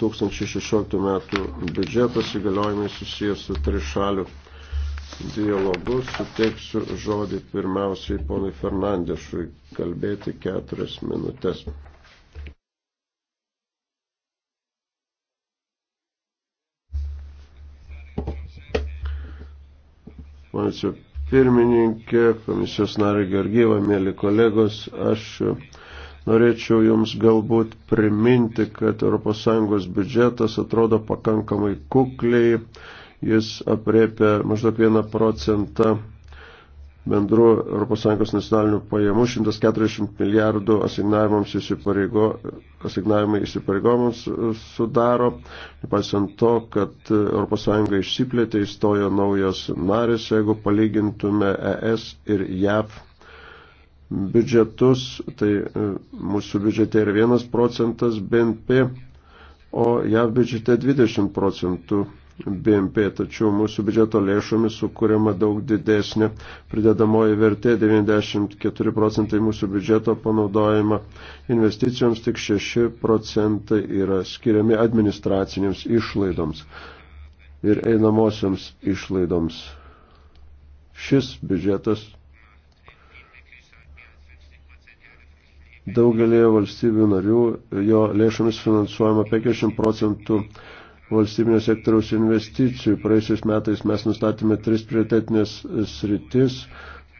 2016 metų biudžetas įgaliojimai susijęs su trišaliu dialogu. Suteiksiu žodį pirmiausiai ponui Fernandešui kalbėti keturias minutės. Mano pirmininkė, komisijos narė Georgieva, mėly kolegos, aš Norėčiau Jums galbūt priminti, kad ES biudžetas atrodo pakankamai kukliai, jis apriepia maždaug 1 procentą bendrų ES nacionalinių pajamų 140 milijardų asignavimams įsipareigo, asignavimai įsipareigomams sudaro, nepaisant to, kad ES išsiplėtė, įstojo naujos narės, jeigu palygintume ES ir JAV biudžetus, tai e, mūsų biudžete yra 1 procentas BNP, o JAV biudžete 20 procentų BNP, tačiau mūsų biudžeto lėšomis sukūrėma daug didesnė pridedamoji vertė, 94 procentai mūsų biudžeto panaudojama investicijoms, tik 6 procentai yra skiriami administracinėms išlaidoms ir einamosioms išlaidoms. Šis biudžetas daugelėje valstybių narių jo lėšomis finansuojama 50 procentų valstybinio sektoriaus investicijų. Praėjusiais metais mes nustatėme tris prioritetinės sritis.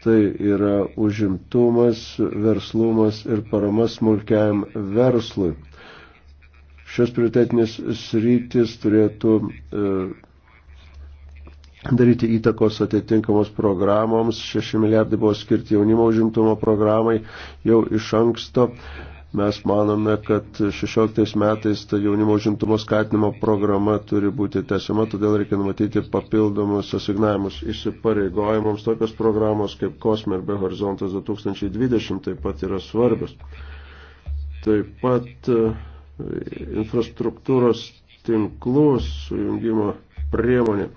Tai yra užimtumas, verslumas ir paramas smulkiajam verslui. Šios prioritetinės sritis turėtų e, daryti įtakos atitinkamos programoms. 6 milijardai buvo skirti jaunimo užimtumo programai jau iš anksto. Mes manome, kad 16 metais ta jaunimo užimtumo skatinimo programa turi būti tęsiama, todėl reikia numatyti papildomus asignavimus įsipareigojimams. Tokios programos kaip Kosme ir Be Horizontas 2020 taip pat yra svarbios. Taip pat e, infrastruktūros tinklų sujungimo priemonė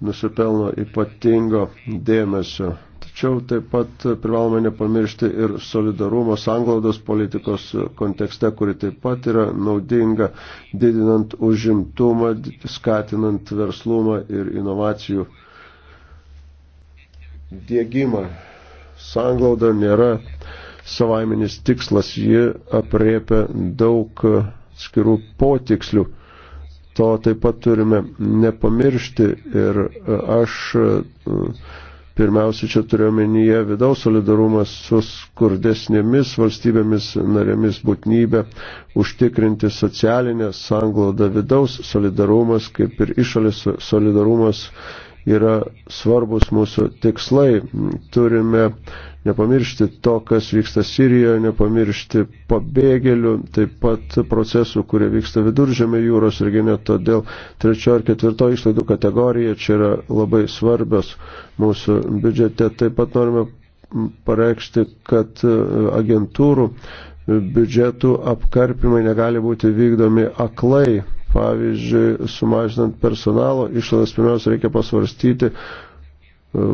nusipelno ypatingo dėmesio. Tačiau taip pat privalome nepamiršti ir solidarumo sanglaudos politikos kontekste, kuri taip pat yra naudinga didinant užimtumą, skatinant verslumą ir inovacijų dėgymą. Sanglauda nėra savaiminis tikslas, ji apriepia daug skirų potikslių. To taip pat turime nepamiršti ir e, aš e, pirmiausia čia turiu omenyje vidaus solidarumas su skurdesnėmis valstybėmis narėmis būtinybę užtikrinti socialinę sanglaudą vidaus solidarumas kaip ir išorės solidarumas yra svarbus mūsų tikslai. Turime nepamiršti to, kas vyksta Sirijoje, nepamiršti pabėgėlių, taip pat procesų, kurie vyksta viduržėme jūros regione, todėl trečio ar ketvirto išlaidų kategorija čia yra labai svarbios mūsų biudžete. Taip pat norime pareikšti, kad e, agentūrų biudžetų apkarpimai negali būti vykdomi aklai, Pavyzdžiui, sumažinant personalo išlaidas, pirmiausia, reikia pasvarstyti, e,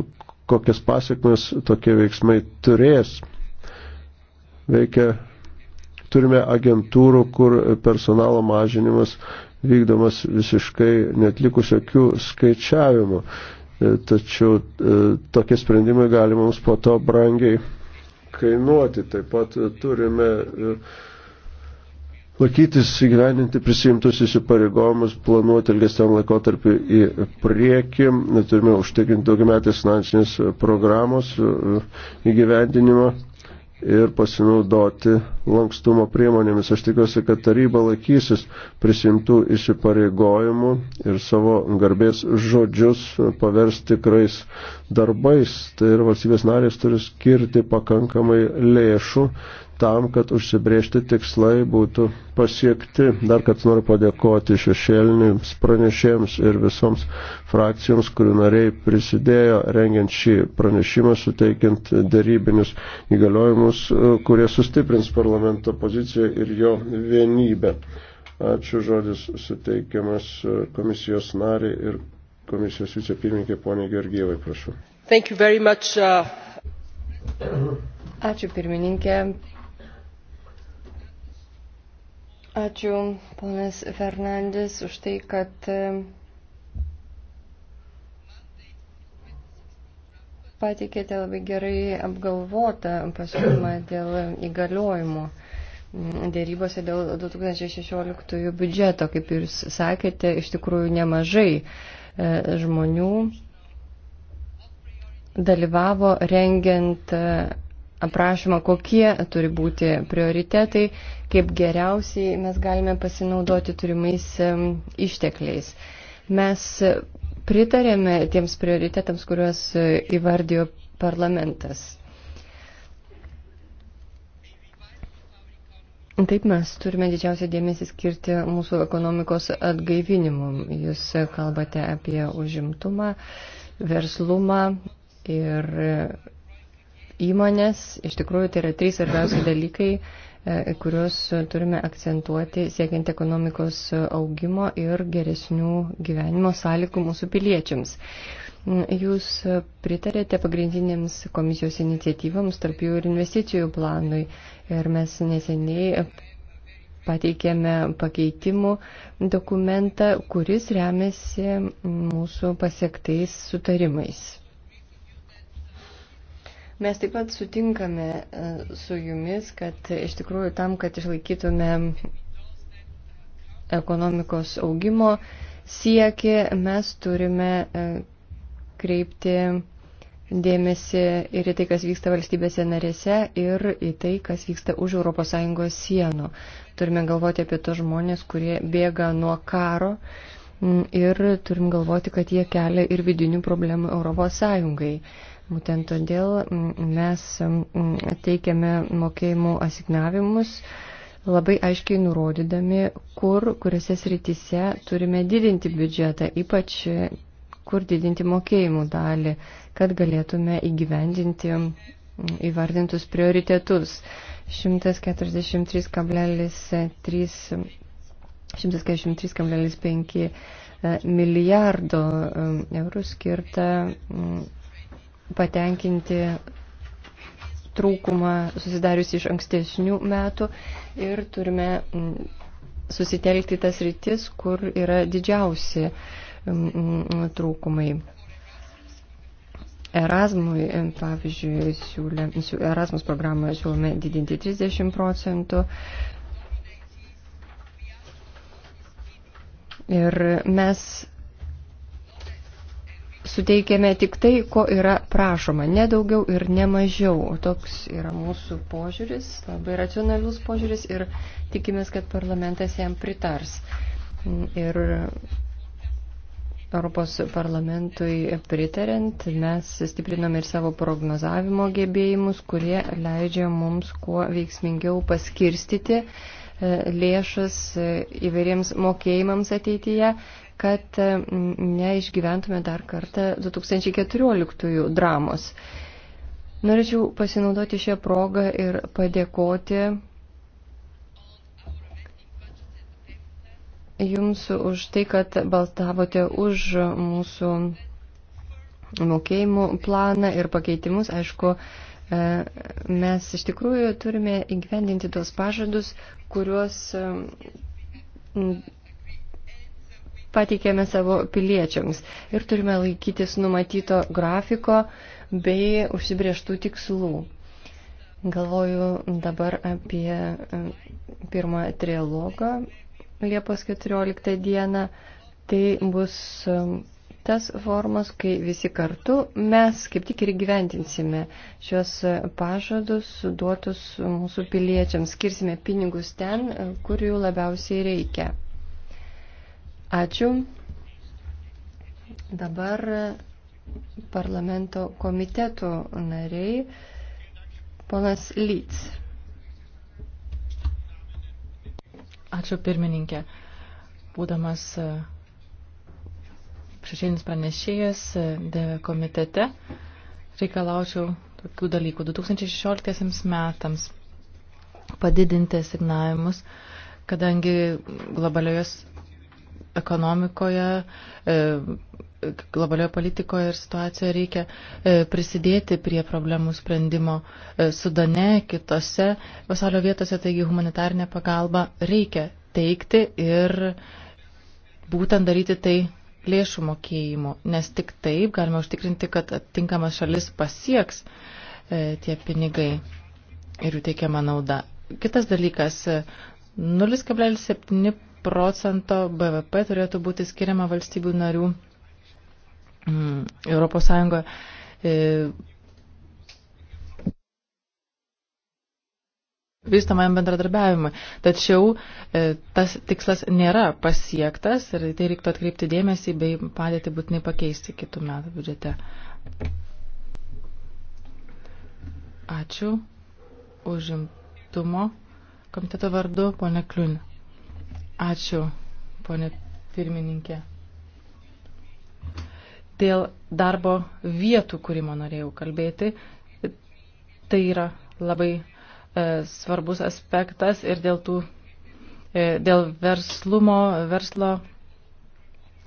kokias pasiekmes tokie veiksmai turės. Veikia, turime agentūrų, kur personalo mažinimas vykdomas visiškai netlikus jokių skaičiavimų. E, tačiau e, tokie sprendimai gali mums po to brangiai kainuoti. Taip pat turime laikytis įgyveninti prisimtus įsipareigojimus, planuoti ilgesniam laikotarpį į priekį, turime užtikrinti daugiametės finansinės programos e, įgyvendinimą ir pasinaudoti lankstumo priemonėmis. Aš tikiuosi, kad taryba laikysis prisimtų įsipareigojimų ir savo garbės žodžius pavers tikrais darbais. Tai ir valstybės narės turi skirti pakankamai lėšų tam, kad užsibriežti tikslai būtų pasiekti. Dar kad noriu padėkoti šešėlinims pranešėjams ir visoms frakcijoms, kurių nariai prisidėjo rengiant šį pranešimą, suteikiant darybinius įgaliojimus, kurie sustiprins parlamento poziciją ir jo vienybę. Ačiū žodis suteikiamas komisijos nariai ir komisijos vicepirmininkė ponė Georgievai, prašau. Thank you very much. Uh... Ačiū pirmininkė, Ačiū, ponas Fernandės, už tai, kad e, patikėte labai gerai apgalvotą pasiūlymą dėl įgaliojimų dėrybose dėl 2016 biudžeto, kaip jūs sakėte, iš tikrųjų nemažai e, žmonių dalyvavo rengiant e, aprašoma, kokie turi būti prioritetai, kaip geriausiai mes galime pasinaudoti turimais ištekliais. Mes pritarėme tiems prioritetams, kuriuos įvardijo parlamentas. Taip mes turime didžiausią dėmesį skirti mūsų ekonomikos atgaivinimui. Jūs kalbate apie užimtumą, verslumą ir įmonės, iš tikrųjų tai yra trys svarbiausi dalykai, e, kuriuos turime akcentuoti siekiant ekonomikos augimo ir geresnių gyvenimo sąlygų mūsų piliečiams. Mm, Jūs pritarėte pagrindinėms komisijos iniciatyvams, tarp jų ir investicijų planui. Ir mes neseniai pateikėme pakeitimų dokumentą, kuris remiasi mūsų pasiektais sutarimais. Mes taip pat sutinkame e, su jumis, kad iš tikrųjų tam, kad išlaikytume ekonomikos augimo siekį, mes turime e, kreipti dėmesį ir į tai, kas vyksta valstybėse narėse ir į tai, kas vyksta už ES sienų. Turime galvoti apie tos žmonės, kurie bėga nuo karo ir turim galvoti, kad jie kelia ir vidinių problemų ES. Būtent todėl mes teikiame mokėjimų asignavimus labai aiškiai nurodydami, kur, kuriuose srityse turime didinti biudžetą, ypač kur didinti mokėjimų dalį, kad galėtume įgyvendinti įvardintus prioritetus. 143,3 143,5 e, milijardo eurų skirta patenkinti trūkumą susidarius iš ankstesnių metų ir turime susitelkti tas rytis, kur yra didžiausi trūkumai. Erasmui, pavyzdžiui, siūlė, Erasmus programoje siūlome didinti 30 procentų. Ir mes suteikėme tik tai, ko yra prašoma, ne daugiau ir ne mažiau. O toks yra mūsų požiūris, labai racionalus požiūris ir tikimės, kad parlamentas jam pritars. Ir Europos parlamentui pritarint, mes stiprinome ir savo prognozavimo gebėjimus, kurie leidžia mums kuo veiksmingiau paskirstyti e, lėšas e, įvairiems mokėjimams ateityje kad neišgyventume dar kartą 2014 dramos. Norėčiau pasinaudoti šią progą ir padėkoti Jums už tai, kad baltavote už mūsų mokėjimų planą ir pakeitimus. Aišku, e, mes iš tikrųjų turime įgyvendinti tuos pažadus, kuriuos pateikėme savo piliečiams ir turime laikytis numatyto grafiko bei užsibrieštų tikslų. Galvoju dabar apie e, pirmą trilogą Liepos 14 dieną. Tai bus e, tas formas, kai visi kartu mes kaip tik ir gyventinsime šios pažadus duotus mūsų piliečiams, skirsime pinigus ten, e, kur jų labiausiai reikia. Ačiū. Dabar parlamento komitetų nariai. Ponas Lyts. Ačiū pirmininkė. Būdamas e, šešėlinis pranešėjas e, komitete, reikalaučiau tokių dalykų. 2016 metams padidinti asignavimus, kadangi globalios ekonomikoje, e, globalioje politikoje ir situacijoje reikia e, prisidėti prie problemų sprendimo e, Sudane, kitose pasaulio vietose, taigi humanitarinę pagalbą reikia teikti ir būtent daryti tai lėšų mokėjimu, nes tik taip galima užtikrinti, kad atitinkamas šalis pasieks tie pinigai ir jų teikiama nauda. Kitas dalykas 0,7 procento BVP turėtų būti skiriama valstybių narių mm, Europos Sąjungoje. E, vystamajam bendradarbiavimui. Tačiau e, tas tikslas nėra pasiektas ir tai reiktų atkreipti dėmesį bei padėti būtinai pakeisti kitų metų biudžete. Ačiū užimtumo komiteto vardu, ponė Kliūnė. Ačiū, ponė pirmininkė. Dėl darbo vietų kūrimo norėjau kalbėti. Tai yra labai e, svarbus aspektas ir dėl, tų, e, dėl verslumo, verslo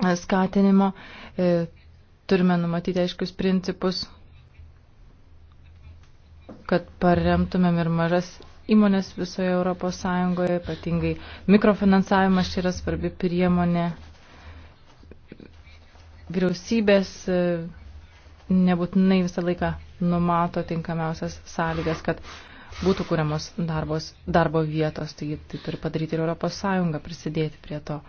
e, skatinimo e, turime numatyti aiškius principus, kad paremtumėm ir mažas įmonės visoje Europos Sąjungoje, ypatingai mikrofinansavimas čia yra svarbi priemonė. Vyriausybės e, nebūtinai visą laiką numato tinkamiausias sąlygas, kad būtų kuriamos darbos, darbo vietos, tai, tai turi padaryti ir Europos Sąjunga prisidėti prie to.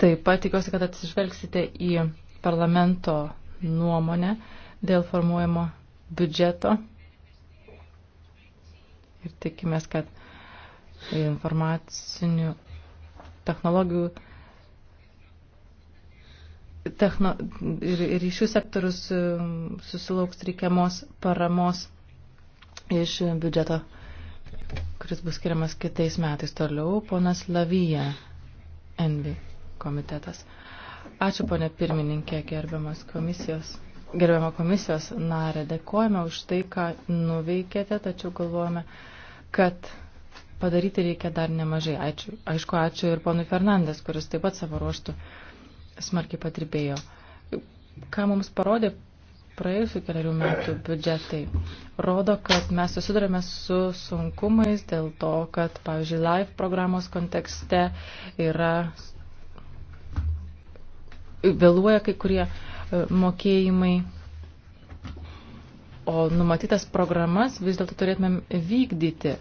Taip pat tikiuosi, kad atsižvelgsite į parlamento nuomonę dėl formuojamo biudžeto ir tikimės, kad informacinių technologijų techno, ir ryšių sektorius um, susilauks reikiamos paramos iš biudžeto, kuris bus skiriamas kitais metais toliau. Ponas Lavija, Envi komitetas. Ačiū, ponė pirmininkė, gerbiamas komisijos gerbiamą komisijos narę, dėkojame už tai, ką nuveikėte, tačiau galvojame, kad padaryti reikia dar nemažai. Ačiū. Aišku, ačiū ir ponui Fernandes, kuris taip pat savo ruoštų smarkiai patirbėjo. Ką mums parodė praėjusių keliarių metų biudžetai, rodo, kad mes susidurėme su sunkumais dėl to, kad, pavyzdžiui, live programos kontekste yra vėluoja kai kurie uh, E, mokėjimai. O numatytas programas vis dėlto turėtumėm vykdyti.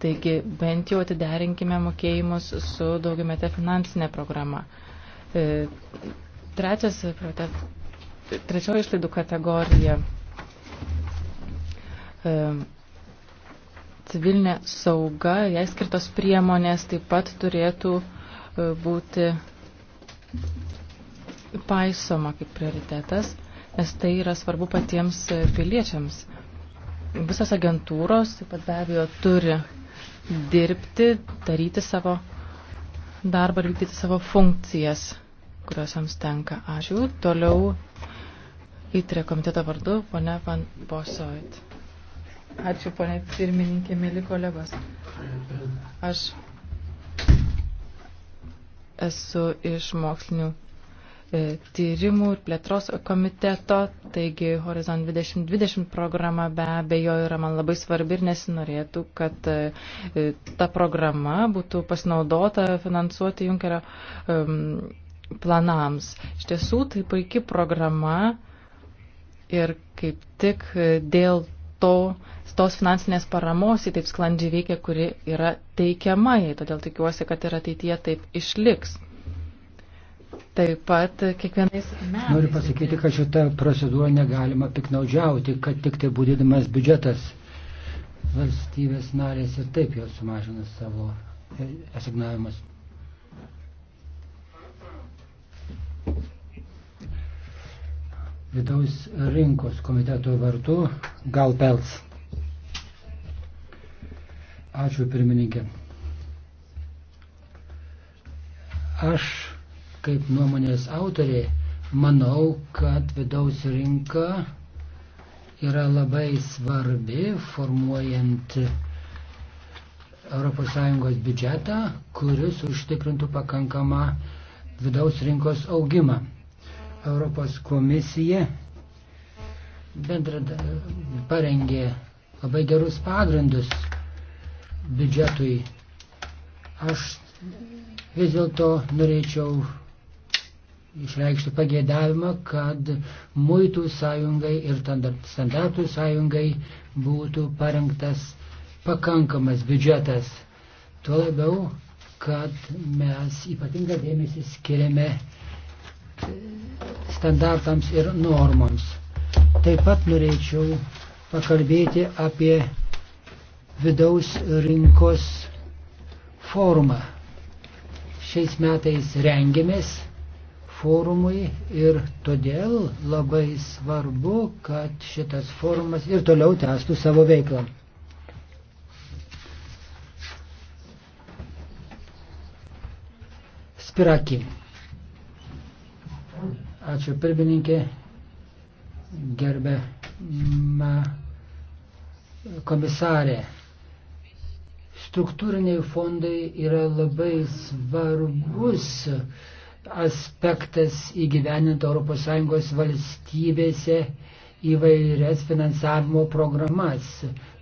Taigi bent jau atiderinkime mokėjimus su daugiamete finansinė programa. E, trečias, trečioji išlaidų kategorija e, civilinė sauga, jai skirtos priemonės taip pat turėtų būti paisoma kaip prioritetas, nes tai yra svarbu patiems piliečiams. Visas agentūros taip pat be abejo turi dirbti, daryti savo darbą ir vykdyti savo funkcijas, kurios jums tenka. Ačiū. Toliau įtrė komiteto vardu, ponia Van Bosoit. Ačiū, ponia pirmininkė, mėly kolegos. Aš esu iš mokslinių E, tyrimų ir plėtros komiteto, taigi Horizon 2020 programa be abejo yra man labai svarbi ir nesinorėtų, kad e, ta programa būtų pasinaudota finansuoti Junkerio planams. Iš tiesų, tai puikia programa ir kaip tik e, dėl to, tos finansinės paramos į taip sklandžiai veikia, kuri yra teikiama jai, todėl tikiuosi, kad ir ateityje taip išliks. Taip pat kiekvienais metais. Noriu pasakyti, kad šitą procedūrą negalima piknaudžiauti, kad tik tai būdėdamas biudžetas valstybės narės ir taip jau sumažina savo e, asignavimus. Vidaus rinkos komiteto vartų gal pels. Ačiū pirmininkė. Aš kaip nuomonės autorė, manau, kad vidaus rinka yra labai svarbi formuojant ES biudžetą, kuris užtikrintų pakankamą vidaus rinkos augimą. Europos komisija bendrada, parengė labai gerus pagrindus biudžetui. Aš vis dėlto norėčiau išreikšti pagėdavimą, kad muitų sąjungai ir standartų sąjungai būtų parengtas pakankamas biudžetas. Tuo labiau, kad mes ypatingą dėmesį skiriame standartams ir normoms. Taip pat norėčiau pakalbėti apie vidaus rinkos forumą. Šiais metais rengiamės forumui ir todėl labai svarbu, kad šitas forumas ir toliau tęstų savo veiklą. Spiraki. Ačiū pirmininkė, gerbėma komisarė. Struktūriniai fondai yra labai svarbus uh, aspektas įgyveninti ES valstybėse įvairias finansavimo programas.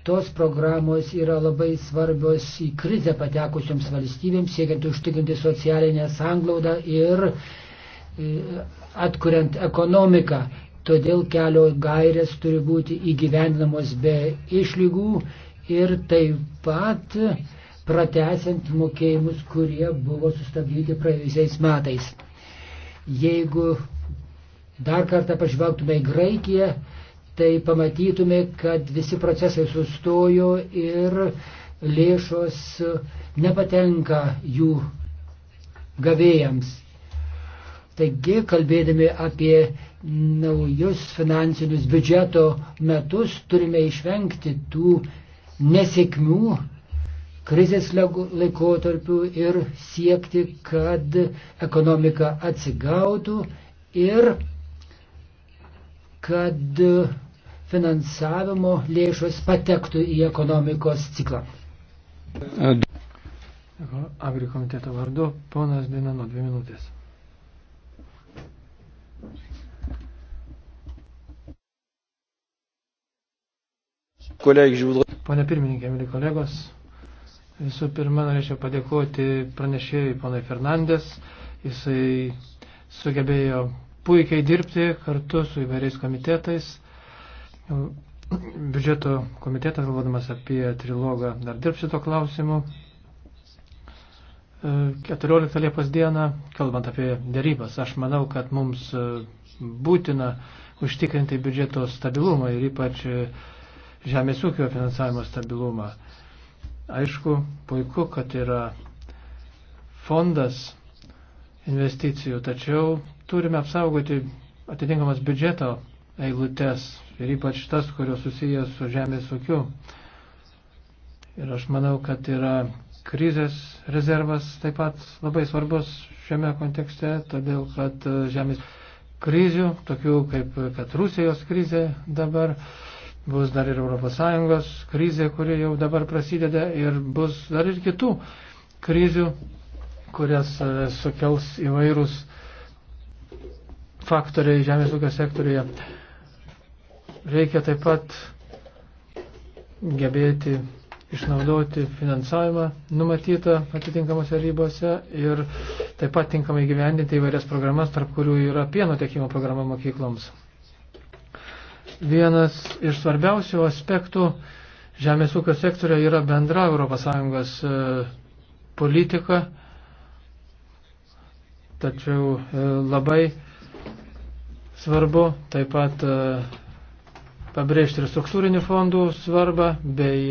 Tos programos yra labai svarbios į krizę patekusiams valstybėms, siekiant užtikrinti socialinę sanglaudą ir e, atkuriant ekonomiką. Todėl kelio gairės turi būti įgyvendinamos be išlygų ir taip pat pratesiant mokėjimus, kurie buvo sustabdyti praėjusiais metais. Jeigu dar kartą pažvelgtume į Graikiją, tai pamatytume, kad visi procesai sustojo ir lėšos nepatenka jų gavėjams. Taigi, kalbėdami apie naujus finansinius biudžeto metus, turime išvengti tų nesėkmių, krizės laikotarpių ir siekti, kad ekonomika atsigautų ir kad finansavimo lėšos patektų į ekonomikos ciklą. Agri komiteto vardu, ponas Dinano, dvi minutės. Pone pirmininkė, mėly kolegos, Visų pirma, norėčiau padėkoti pranešėjui ponai Fernandės. Jisai sugebėjo puikiai dirbti kartu su įvairiais komitetais. Biudžeto komitetas, galvodamas apie trilogą, dar dirbs šito klausimu. 14 e, Liepos dieną, kalbant apie dėrybas, aš manau, kad mums e, būtina užtikrinti biudžeto stabilumą ir ypač e, žemės ūkio finansavimo stabilumą. Aišku, puiku, kad yra fondas investicijų, tačiau turime apsaugoti atitinkamas biudžeto eilutes ir ypač tas, kurios susijęs su žemės ūkiu. Ir aš manau, kad yra krizės rezervas taip pat labai svarbus šiame kontekste, todėl kad žemės krizių, tokių kaip kad Rusijos krizė dabar, bus dar ir ES krizė, kuri jau dabar prasideda, ir bus dar ir kitų krizių, kurias e, sukels įvairūs faktoriai žemės ūkio sektoriuje. Reikia taip pat gebėti išnaudoti finansavimą numatytą atitinkamose rybose ir taip pat tinkamai gyvendinti įvairias programas, tarp kurių yra pieno tiekimo programa mokykloms. Vienas iš svarbiausių aspektų žemės ūkio sektorio yra bendra ES e, politika, tačiau e, labai svarbu taip pat e, pabrėžti ir struktūrinių fondų svarbą bei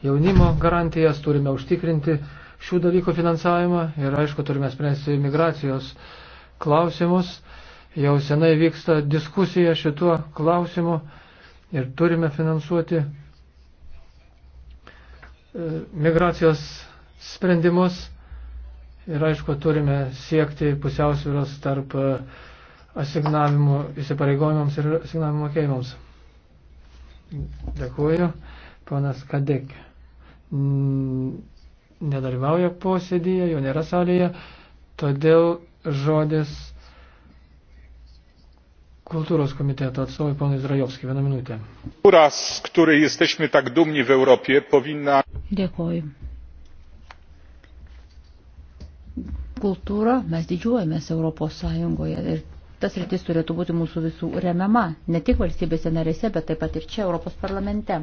jaunimo garantijas, turime užtikrinti šių dalykų finansavimą ir aišku turime spręsti migracijos klausimus. Jau senai vyksta diskusija šituo klausimu ir turime finansuoti e, migracijos sprendimus ir aišku turime siekti pusiausvyros tarp e, asignavimų įsipareigojimams ir asignavimų mokėjimams. Dėkuoju. Ponas Kadek nedalyvauja posėdyje, jo nėra salėje, todėl žodis Kultūros komiteto atstovai ponai Zrajovski, vieną minutę. Kultūra, z której jesteśmy tak dumni w Europie, powinna. Dėkoju. Kultūra, mes didžiuojamės Europos Sąjungoje ir tas rytis turėtų būti mūsų visų remiama, ne tik valstybėse narėse, bet taip pat ir čia Europos parlamente.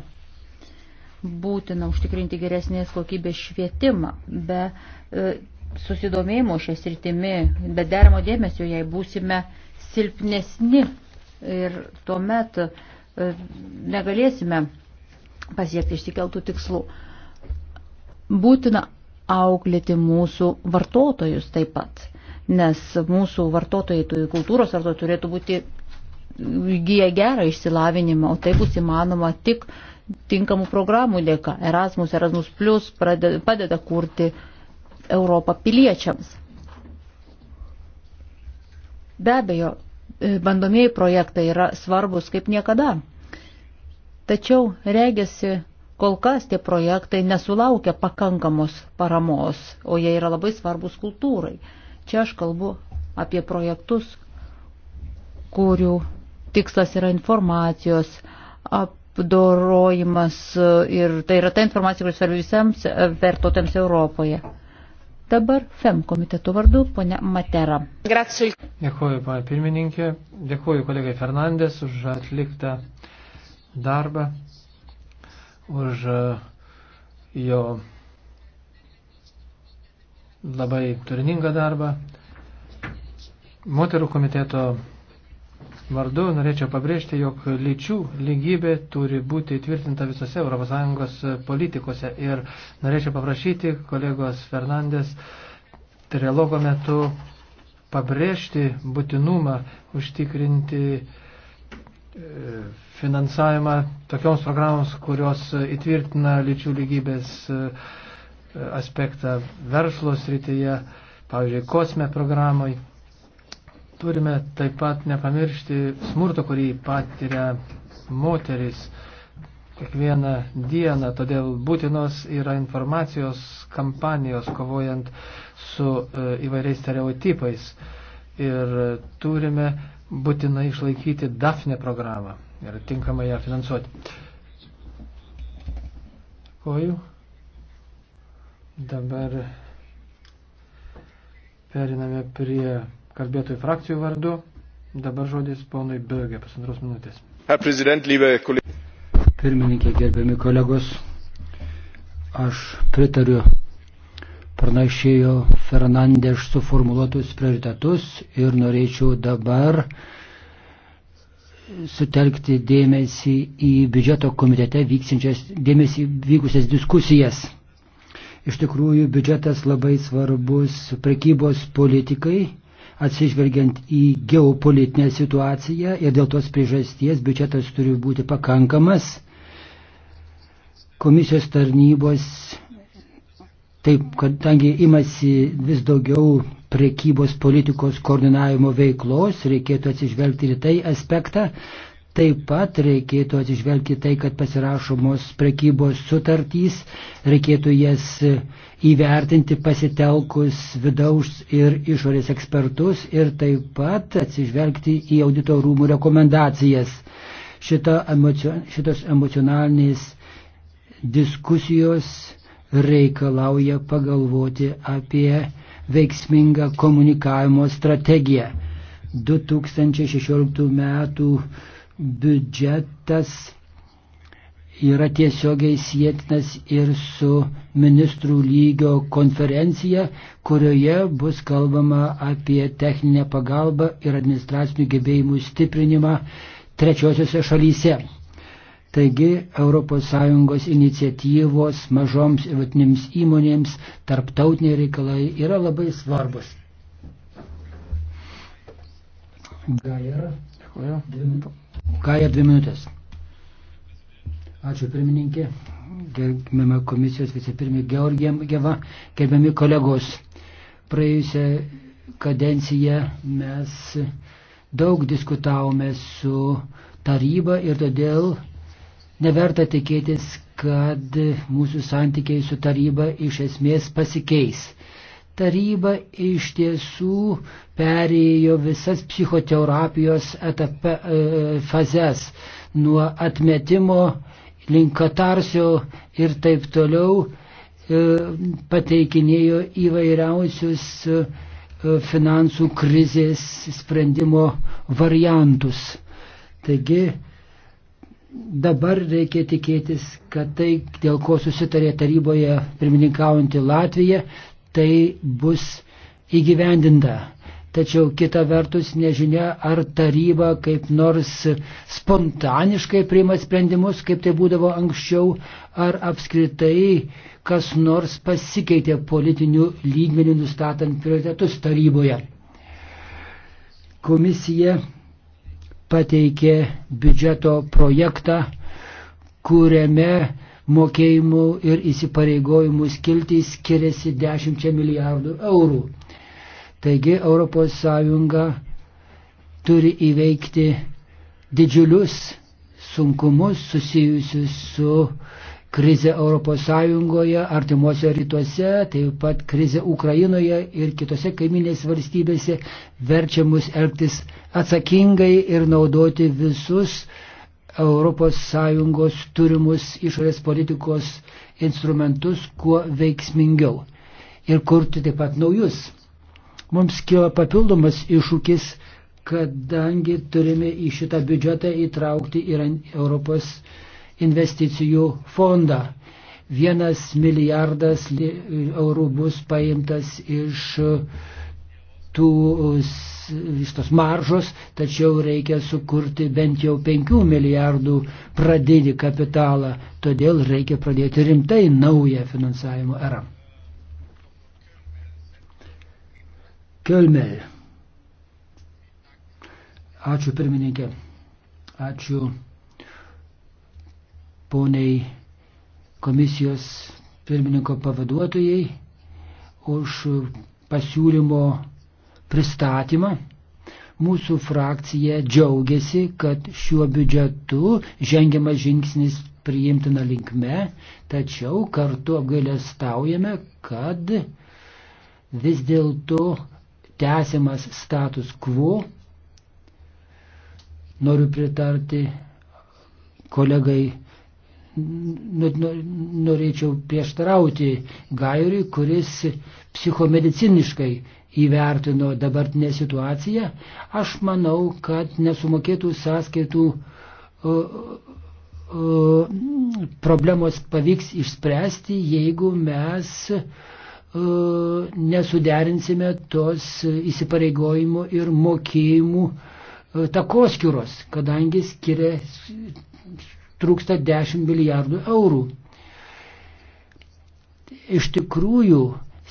Būtina užtikrinti geresnės kokybės švietimą, be e, susidomėjimo šią sritimi, be dermo dėmesio, jei būsime e, silpnesni ir tuomet e, negalėsime pasiekti išsikeltų tikslų. Būtina auklėti mūsų vartotojus taip pat, nes mūsų vartotojai, kultūros vartotojai turėtų būti įgyję gerą išsilavinimą, o tai bus įmanoma tik tinkamų programų dėka. Erasmus, Erasmus Plus padeda kurti Europą piliečiams. Be abejo, e, bandomieji projektai yra svarbus kaip niekada. Tačiau, regėsi, kol kas tie projektai nesulaukia pakankamos paramos, o jie yra labai svarbus kultūrai. Čia aš kalbu apie projektus, kurių tikslas yra informacijos apdorojimas ir tai yra ta informacija, kuris svarbi visiems e, vertotėms Europoje. Dabar FEM komiteto vardu ponia Matera. Gracijų. Dėkuoju, ponia pirmininkė. Dėkuoju kolegai Fernandės už atliktą darbą, už uh, jo labai turiningą darbą. Moterų komiteto vardu norėčiau pabrėžti, jog lyčių lygybė turi būti įtvirtinta visose ES e, politikose. Ir norėčiau paprašyti kolegos Fernandės trialogo metu pabrėžti būtinumą užtikrinti e, finansavimą tokioms programoms, kurios įtvirtina lyčių lygybės e, aspektą verslo srityje, pavyzdžiui, kosme programai. Turime taip pat nepamiršti smurto, kurį patiria moteris kiekvieną dieną, todėl būtinos yra informacijos kampanijos kovojant su e, įvairiais stereotipais. Ir turime būtinai išlaikyti DAFNE programą ir tinkamai ją finansuoti. Koju. Dabar periname prie kalbėtojų frakcijų vardu. Dabar žodis ponui Bögė, pusantros minutės. Pirmininkė, gerbiami kolegos, aš pritariu pranašėjo Fernandeš suformuluotus prioritetus ir norėčiau dabar sutelkti dėmesį į biudžeto komitete vyksinčias, dėmesį vykusias diskusijas. Iš tikrųjų, biudžetas labai svarbus prekybos politikai atsižvelgiant į geopolitinę situaciją ir dėl tos priežasties biudžetas turi būti pakankamas. Komisijos tarnybos, taip, kadangi imasi vis daugiau prekybos politikos koordinavimo veiklos, reikėtų atsižvelgti ir tai aspektą. Taip pat reikėtų atsižvelgti tai, kad pasirašomos prekybos sutartys, reikėtų jas įvertinti pasitelkus vidaus ir išorės ekspertus ir taip pat atsižvelgti į audito rūmų rekomendacijas. Šita emocio, šitos emocionalinės diskusijos reikalauja pagalvoti apie veiksmingą komunikavimo strategiją. 2016 m. biudžetas yra tiesiogiai sėtinas ir su ministrų lygio konferencija, kurioje bus kalbama apie techninę pagalbą ir administracinių gebėjimų stiprinimą trečiosiuose šalyse. Taigi ES iniciatyvos mažoms ir vatinėms įmonėms tarptautiniai reikalai yra labai svarbus. Gaja, dvi minutės. Ačiū pirmininkė, gerbiama komisijos vicepirmininkė Georgieva, gerbiami kolegos. Praėjusią kadenciją mes daug diskutavome su taryba ir todėl neverta tikėtis, kad mūsų santykiai su taryba iš esmės pasikeis. Taryba iš tiesų perėjo visas psichoterapijos etape, e, fazes nuo atmetimo link Katarsio ir taip toliau e, pateikinėjo įvairiausius e, finansų krizės sprendimo variantus. Taigi dabar reikia tikėtis, kad tai, dėl ko susitarė taryboje pirmininkaujanti Latvija, tai bus įgyvendinta tačiau kita vertus nežinia, ar taryba kaip nors spontaniškai priima sprendimus, kaip tai būdavo anksčiau, ar apskritai kas nors pasikeitė politinių lygmenių nustatant prioritetus taryboje. Komisija pateikė biudžeto projektą, kuriame mokėjimų ir įsipareigojimų skiltys skiriasi 10 milijardų eurų Taigi ES turi įveikti didžiulius sunkumus susijusius su krize ES, artimuose rytuose, taip pat krize Ukrainoje ir kitose kaiminės valstybėse verčia mus elgtis atsakingai ir naudoti visus ES turimus išorės politikos instrumentus kuo veiksmingiau ir kurti taip pat naujus mums kyla papildomas iššūkis, kadangi turime į šitą biudžetą įtraukti ir Europos investicijų fondą. Vienas milijardas eurų bus paimtas iš e, tų iš tos maržos, tačiau reikia sukurti bent jau 5 milijardų pradinį kapitalą, todėl reikia pradėti rimtai naują finansavimo erą. Kölmel. Ačiū pirmininkė. Ačiū poniai komisijos pirmininko pavaduotojai už pasiūlymo pristatymą. Mūsų frakcija džiaugiasi, kad šiuo biudžetu žengiamas žingsnis priimtina linkme, tačiau kartu apgailestaujame, kad vis dėlto tęsiamas status quo. Noriu pritarti kolegai, nu, nu, norėčiau prieštarauti Gairiui, kuris psichomediciniškai įvertino dabartinę situaciją. Aš manau, kad nesumokėtų sąskaitų uh, uh, problemos pavyks išspręsti, jeigu mes uh, E, nesuderinsime tos įsipareigojimų ir mokėjimų e, takoskiros, kadangi skiria trūksta 10 milijardų eurų. Iš tikrųjų,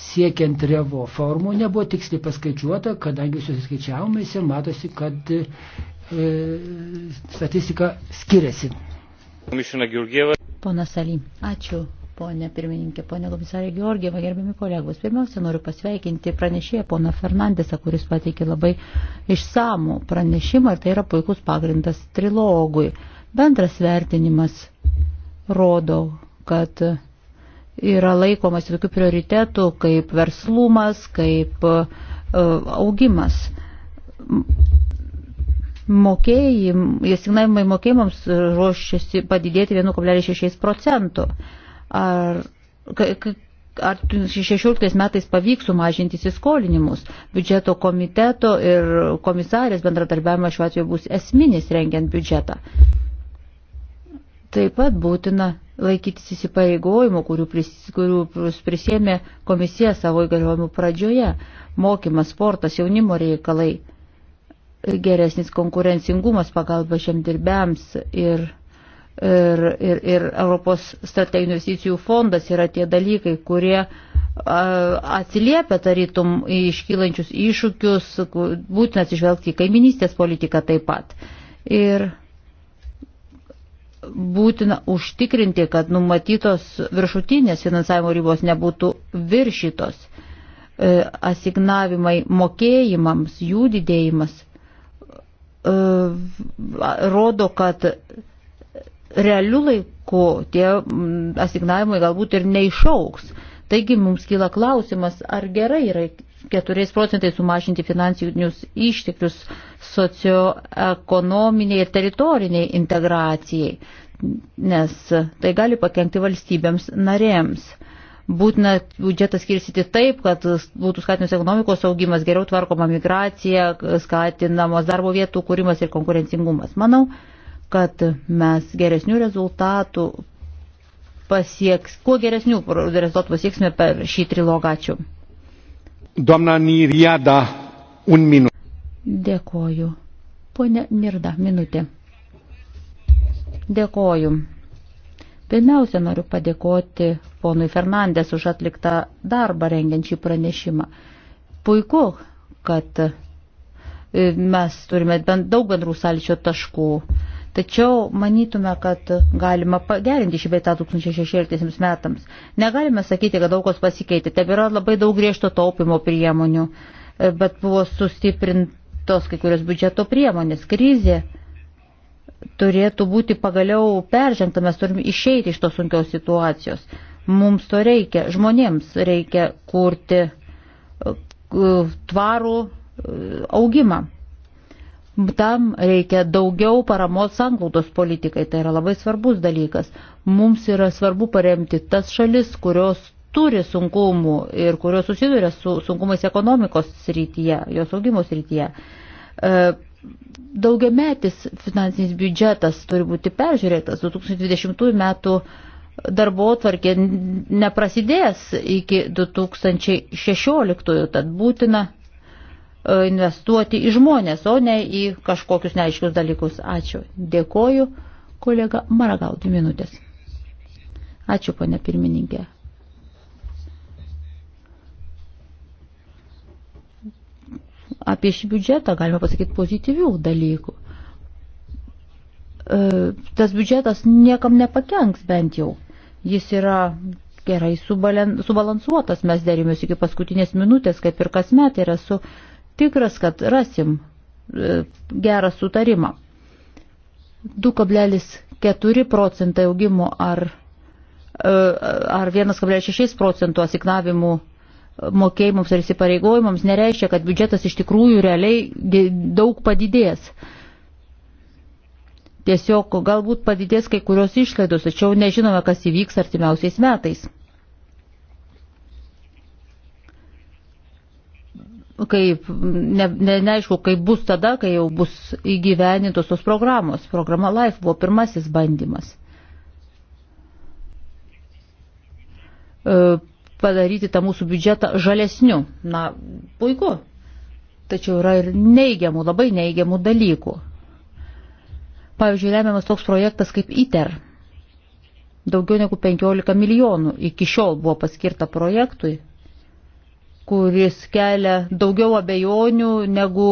siekiant revo formų nebuvo tiksliai paskaičiuota, kadangi susiskaičiavimais ir matosi, kad e, statistika skiriasi. Ponas Saly, ačiū ponė pirmininkė, ponė komisarė Georgieva, gerbiami kolegos. Pirmiausia, noriu pasveikinti pranešėją poną Fernandesą, kuris pateikė labai išsamų pranešimą ir tai yra puikus pagrindas trilogui. Bendras vertinimas rodo, kad yra laikomas tokių prioritetų kaip verslumas, kaip e, augimas. Mokėjim, asignavimai mokėjimams ruošiasi padidėti 1,6 procentų. Ar, ar 16 metais pavyks sumažinti įsiskolinimus? Biudžeto komiteto ir komisarės bendradarbiavimas šiuo atveju bus esminis rengiant biudžetą. Taip pat būtina laikytis įsipareigojimų, kurių, pris, kurių prisėmė komisija savo įgaliojimų pradžioje - mokymas, sportas, jaunimo reikalai, geresnis konkurencingumas, pagalba žemdirbėms ir ir, ir, ir Europos strateginių investicijų fondas yra tie dalykai, kurie atsiliepia tarytum į iškylančius iššūkius, būtina atsižvelgti į kaiminystės politiką taip pat. Ir būtina užtikrinti, kad numatytos viršutinės finansavimo ribos nebūtų viršytos. E, asignavimai mokėjimams, jų didėjimas e, rodo, kad realiu laiku tie mm, asignavimai galbūt ir neišauks. Taigi mums kyla klausimas, ar gerai yra 4 procentai sumažinti finansinius išteklius socioekonominiai ir teritoriniai integracijai, nes tai gali pakengti valstybėms narėms būtina biudžetą skirstyti taip, kad būtų skatinamas ekonomikos augimas, geriau tvarkoma migracija, skatinamos darbo vietų kūrimas ir konkurencingumas. Manau, kad mes geresnių rezultatų pasieks, kuo geresnių rezultatų pasieksime per šį trilogą. Ačiū. Domna Niriada, un minut. Dėkoju. Pone Nirda, minutė. Dėkoju. Pirmiausia, noriu padėkoti ponui Fernandės už atliktą darbą rengiančią pranešimą. Puiku, kad e, mes turime bent daug bendrų sąlyčio taškų. Tačiau manytume, kad galima pagerinti šį beitą 2016 metams. Negalime sakyti, kad daug kas pasikeitė. Taip yra labai daug griežto taupimo priemonių, bet buvo sustiprintos kai kurios biudžeto priemonės. Krizė turėtų būti pagaliau peržengta, mes turime išeiti iš tos sunkios situacijos. Mums to reikia, žmonėms reikia kurti uh, tvarų uh, augimą. Tam reikia daugiau paramos sanglaudos politikai, tai yra labai svarbus dalykas. Mums yra svarbu paremti tas šalis, kurios turi sunkumų ir kurios susiduria su sunkumais ekonomikos srityje, jos augimo srityje. E, daugiametis finansinis biudžetas turi būti peržiūrėtas 2020 metų darbo tvarkė neprasidės iki 2016, tad būtina E, investuoti į žmonės, o ne į kažkokius neaiškius dalykus. Ačiū. Dėkoju, kolega Maragal, dvi minutės. Ačiū, ponė pirmininkė. Apie šį biudžetą galima pasakyti pozityvių dalykų. E, tas biudžetas niekam nepakenks bent jau. Jis yra gerai subalansuotas, mes dėrimės iki paskutinės minutės, kaip ir kasmet yra su tikras, kad rasim e, gerą sutarimą. 2,4 procentai augimo ar, e, ar 1,6 procentų asignavimų mokėjimams ar įsipareigojimams nereiškia, kad biudžetas iš tikrųjų realiai daug padidės. Tiesiog galbūt padidės kai kurios išlaidos, tačiau nežinome, kas įvyks artimiausiais metais. kaip, ne, ne, neaišku, kaip bus tada, kai jau bus įgyvenintos tos programos. Programa Life buvo pirmasis bandymas. E, padaryti tą mūsų biudžetą žalesniu. Na, puiku. Tačiau yra ir neigiamų, labai neigiamų dalykų. Pavyzdžiui, remiamas toks projektas kaip ITER. Daugiau negu 15 milijonų iki šiol buvo paskirta projektui kuris kelia daugiau abejonių negu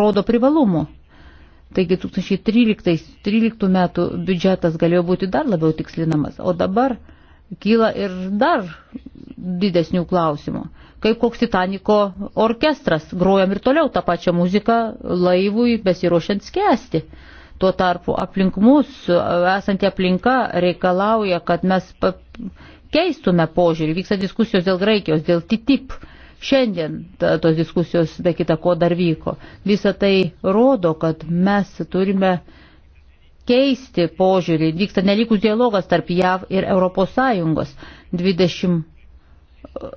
rodo privalumų. Taigi 2013 metų biudžetas galėjo būti dar labiau tikslinamas, o dabar kyla ir dar didesnių klausimų. Kaip koks Titaniko orkestras, grojam ir toliau tą pačią muziką laivui besiruošiant skęsti. Tuo tarpu aplink mus esanti aplinka reikalauja, kad mes keistume požiūrį. Vyksta diskusijos dėl Graikijos, dėl TTIP. Šiandien tos diskusijos be kita ko dar vyko. Visa tai rodo, kad mes turime keisti požiūrį. Vyksta nelikus dialogas tarp JAV ir ES. 20 e,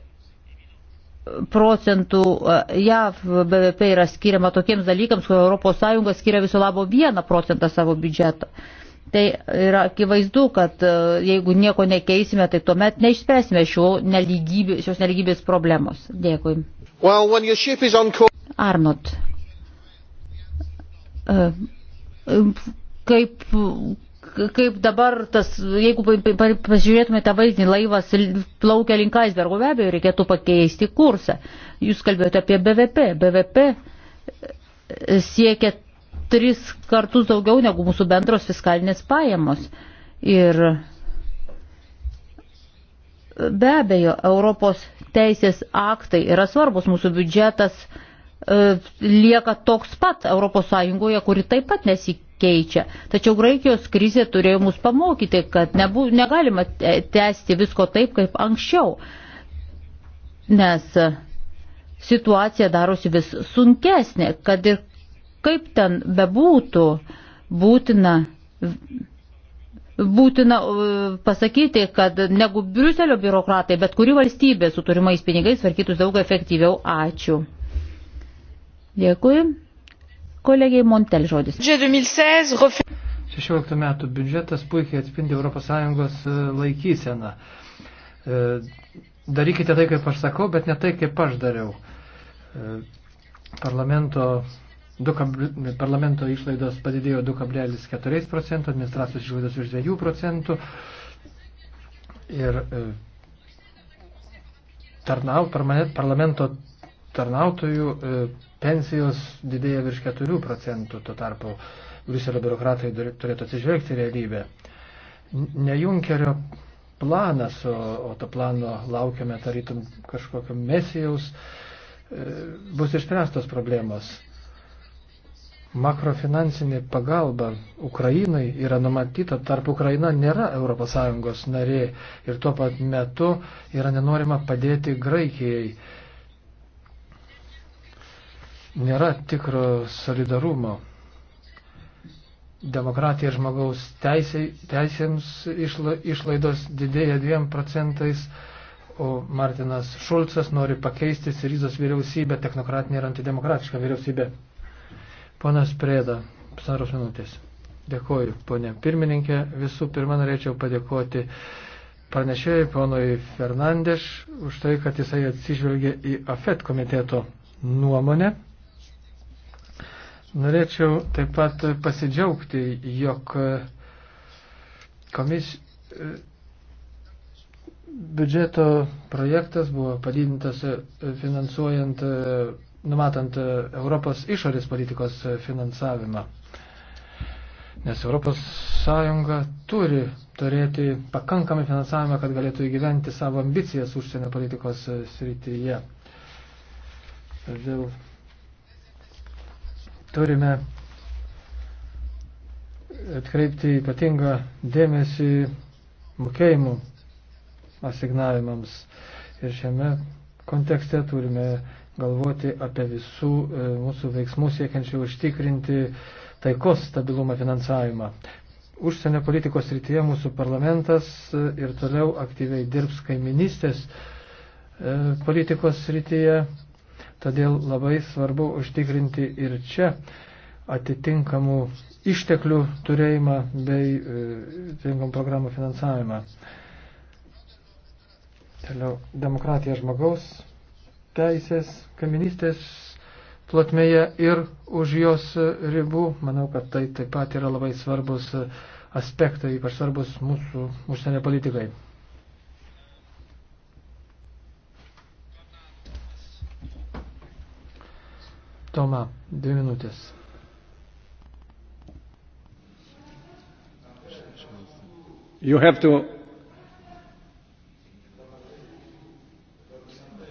procentų e, JAV BVP yra skiriama tokiems dalykams, kur ES skiria viso labo 1 procentą savo biudžeto. Tai yra akivaizdu, kad e, jeigu nieko nekeisime, tai tuomet neišspręsime nelygybė, šios neligybės problemos. Dėkui. Well, on... Arnot. E, e, kaip, kaip dabar tas, jeigu pasižiūrėtume tą vaizdinį, laivas plaukia link Aisbergo, be abejo, reikėtų pakeisti kursą. Jūs kalbėjote apie BVP. BVP siekia tris kartus daugiau negu mūsų bendros fiskalinės pajamos. Ir be abejo, Europos teisės aktai yra svarbus, mūsų biudžetas e, lieka toks pat Europos Sąjungoje, kuri taip pat nesikeičia. Tačiau Graikijos krizė turėjo mus pamokyti, kad nebu, negalima tęsti visko taip, kaip anksčiau, nes e, situacija darosi vis sunkesnė, kad ir Kaip ten bebūtų, būtina būtina uh, pasakyti, kad negu Briuselio biurokratai, bet kuri valstybė su turimais pinigais tvarkytųsi daug efektyviau. Ačiū. Dėkui. Kolegiai Montel žodis. 16 metų biudžetas puikiai atspindi ES e, laikyseną. E, darykite tai, kaip aš sakau, bet ne tai, kaip aš dariau. E, parlamento parlamento išlaidos padidėjo 2,4 procentų, administracijos išlaidos virš 2 procentų ir e, tarnau, parlamento tarnautojų e, pensijos didėja virš 4 procentų, tuo tarpu Briuselio biurokratai turėtų atsižvelgti realybę. Ne Junkerio planas, o, o to plano laukiame tarytum kažkokio mesijaus, e, bus išspręstos problemos makrofinansinė pagalba Ukrainai yra numatyta, tarp Ukraina nėra ES narė ir tuo pat metu yra nenorima padėti Graikijai. Nėra tikro solidarumo. Demokratija ir žmogaus teisė, teisėms išla, išlaidos didėja 2 procentais, o Martinas Šulcas nori pakeisti Sirizos vyriausybę, technokratinę ir antidemokratišką vyriausybę. Ponas Prėda, pusantros minutės. Dėkoju, ponė pirmininkė. Visų pirma, norėčiau padėkoti pranešėjai ponui Fernandeš už tai, kad jisai atsižvelgė į AFET komiteto nuomonę. Norėčiau taip pat pasidžiaugti, jog komis... biudžeto projektas buvo padidintas finansuojant numatant e, Europos išorės politikos e, finansavimą. Nes Europos Sąjunga turi turėti pakankamai finansavimą, kad galėtų įgyventi savo ambicijas užsienio politikos e, srityje. Todėl turime atkreipti ypatingą dėmesį mokėjimų asignavimams. Ir šiame kontekste turime galvoti apie visų e, mūsų veiksmų siekiančių užtikrinti taikos stabilumą finansavimą. Užsienio politikos rytyje mūsų parlamentas e, ir toliau aktyviai dirbs kaiminystės e, politikos rytyje, todėl labai svarbu užtikrinti ir čia atitinkamų išteklių turėjimą bei atitinkamų programų finansavimą. Toliau demokratija žmogaus teisės kaiminystės plotmėje ir už jos ribų. Manau, kad tai taip pat yra labai svarbus aspektai, ypač svarbus mūsų užsienio politikai. Toma, dvi minutės. You have to.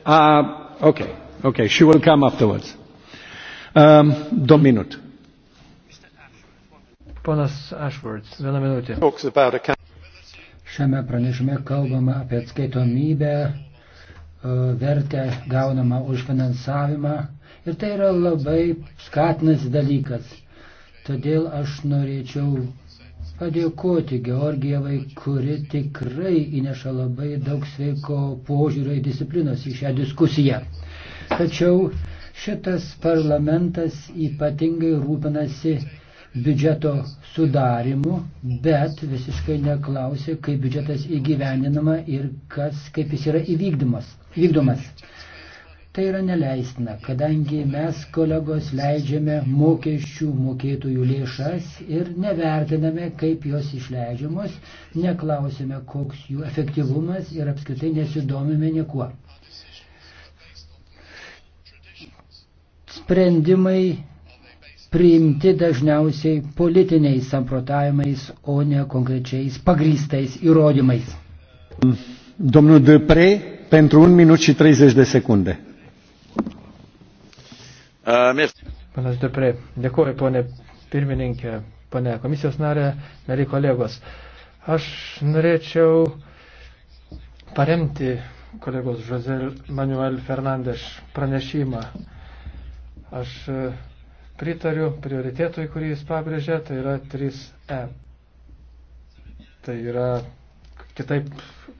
Uh, Okay, okay, she will come afterwards. Um, du minut. Ponas Ashworth, vieną minutę. Šiame pranešime kalbama apie atskaitomybę, e, vertę gaunamą už finansavimą ir tai yra labai skatinantis dalykas. Todėl aš norėčiau padėkoti Georgievai, kuri tikrai įneša labai daug sveiko požiūrio į disciplinos į šią diskusiją. Tačiau šitas parlamentas ypatingai rūpinasi biudžeto sudarimu, bet visiškai neklausė, kaip biudžetas įgyvendinama ir kas, kaip jis yra įvykdomas. Tai yra neleistina, kadangi mes, kolegos, leidžiame mokesčių mokėtojų lėšas ir nevertiname, kaip jos išleidžiamos, neklausime, koks jų efektyvumas ir apskritai nesidomime niekuo. Sprendimai priimti dažniausiai politiniais samprotavimais, o ne konkrečiais pagrystais įrodymais. Domnul Depre, pentru 1 minut și 30 de secunde. Uh, Panas Dupre, dėkuoju ponė pirmininkė, ponė komisijos narė, mėly kolegos. Aš norėčiau paremti kolegos Jose Manuel Fernandes pranešimą. Aš e, pritariu prioritetui, kurį jis pabrėžė, tai yra 3E. Tai yra kitaip